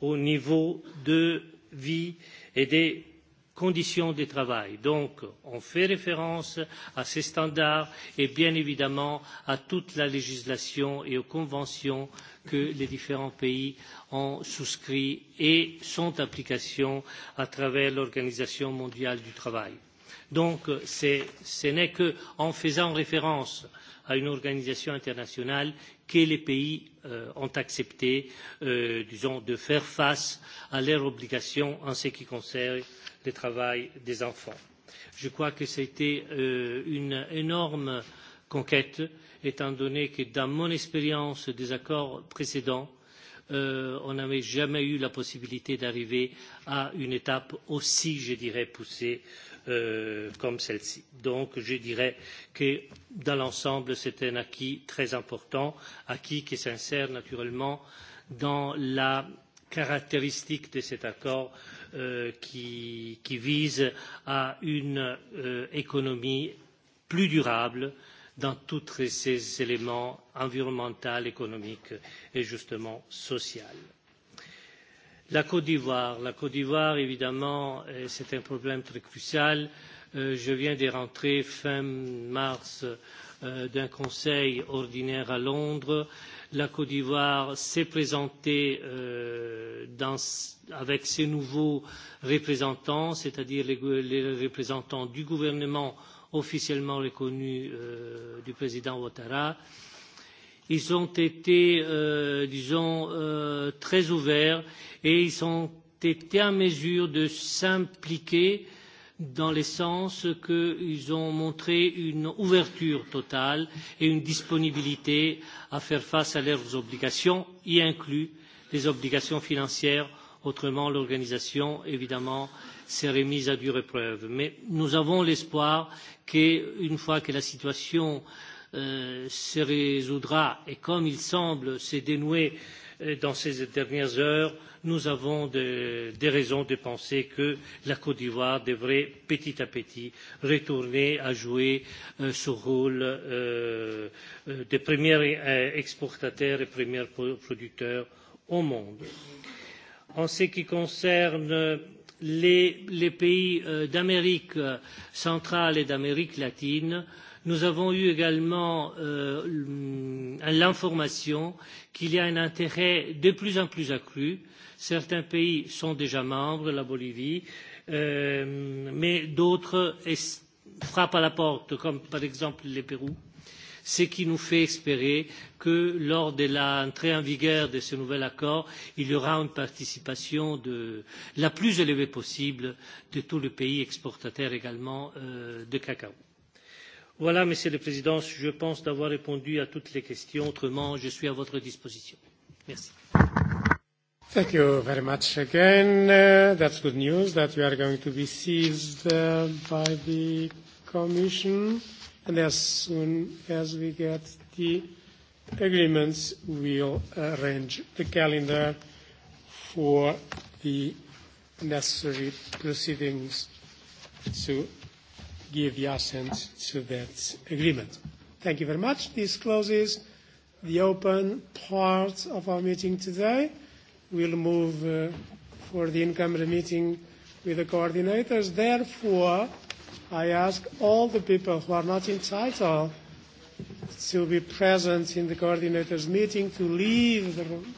au niveau de vie et des conditions de travail. Donc, on fait référence à ces standards et bien évidemment à toute la législation et aux conventions que les différents pays ont souscrites et sont application à travers l'Organisation mondiale du travail. Donc, ce n'est qu'en faisant référence à à une organisation internationale que les pays ont accepté, disons, de faire face à leurs obligations en ce qui concerne le travail des enfants. Je crois que c'était une énorme conquête, étant donné que dans mon expérience des accords précédents, on n'avait jamais eu la possibilité d'arriver à une étape aussi, je dirais, poussée comme celle ci. donc je dirais que dans l'ensemble c'est un acquis très important acquis qui s'insère naturellement dans la caractéristique de cet accord qui vise à une économie plus durable dans tous ces éléments environnemental économique et justement social La Côte d'Ivoire, la Côte d'Ivoire, évidemment, c'est un problème très crucial. je viens de rentrer fin mars d'un conseil ordinaire à Londres. La Côte d'Ivoire s'est présentée avec ses nouveaux représentants, c'est-à-dire les, représentants du gouvernement officiellement reconnu du président Ouattara, ils ont été, disons, très ouverts et ils ont été en mesure de s'impliquer dans le sens qu'ils ont montré une ouverture totale et une disponibilité à faire face à leurs obligations, y inclus les obligations financières. Autrement, l'organisation, évidemment, serait mise à dure épreuve. Mais nous avons l'espoir qu'une fois que la situation se résoudra et comme il semble se dénouer dans ces dernières heures, nous avons des raisons de penser que la Côte d'Ivoire devrait petit à petit retourner à jouer ce rôle de premier exportateur et premier producteur au monde. En ce qui concerne les, pays d'Amérique centrale et d'Amérique latine, Nous avons eu également l'information qu'il y a un intérêt de plus en plus accru. Certains pays sont déjà membres, la Bolivie, mais d'autres frappent à la porte, comme par exemple le Pérou ce qui nous fait espérer que lors de l'entrée en vigueur de ce nouvel accord, il y aura une participation la plus élevée possible de tous les pays exportateurs également de cacao. Voilà, Monsieur le Président, je pense d'avoir répondu à toutes les questions. Autrement, je suis à votre disposition. Merci. Thank you very much again. Uh, that's good news that you are going to be seized uh, by the Commission. And as soon as we get the agreements, we'll arrange the calendar for the necessary proceedings to give the assent to that agreement. Thank you very much. This closes the open part of our meeting today. We'll move uh, for the in-camera meeting with the coordinators. Therefore, I ask all the people who are not entitled to be present in the coordinators' meeting to leave the room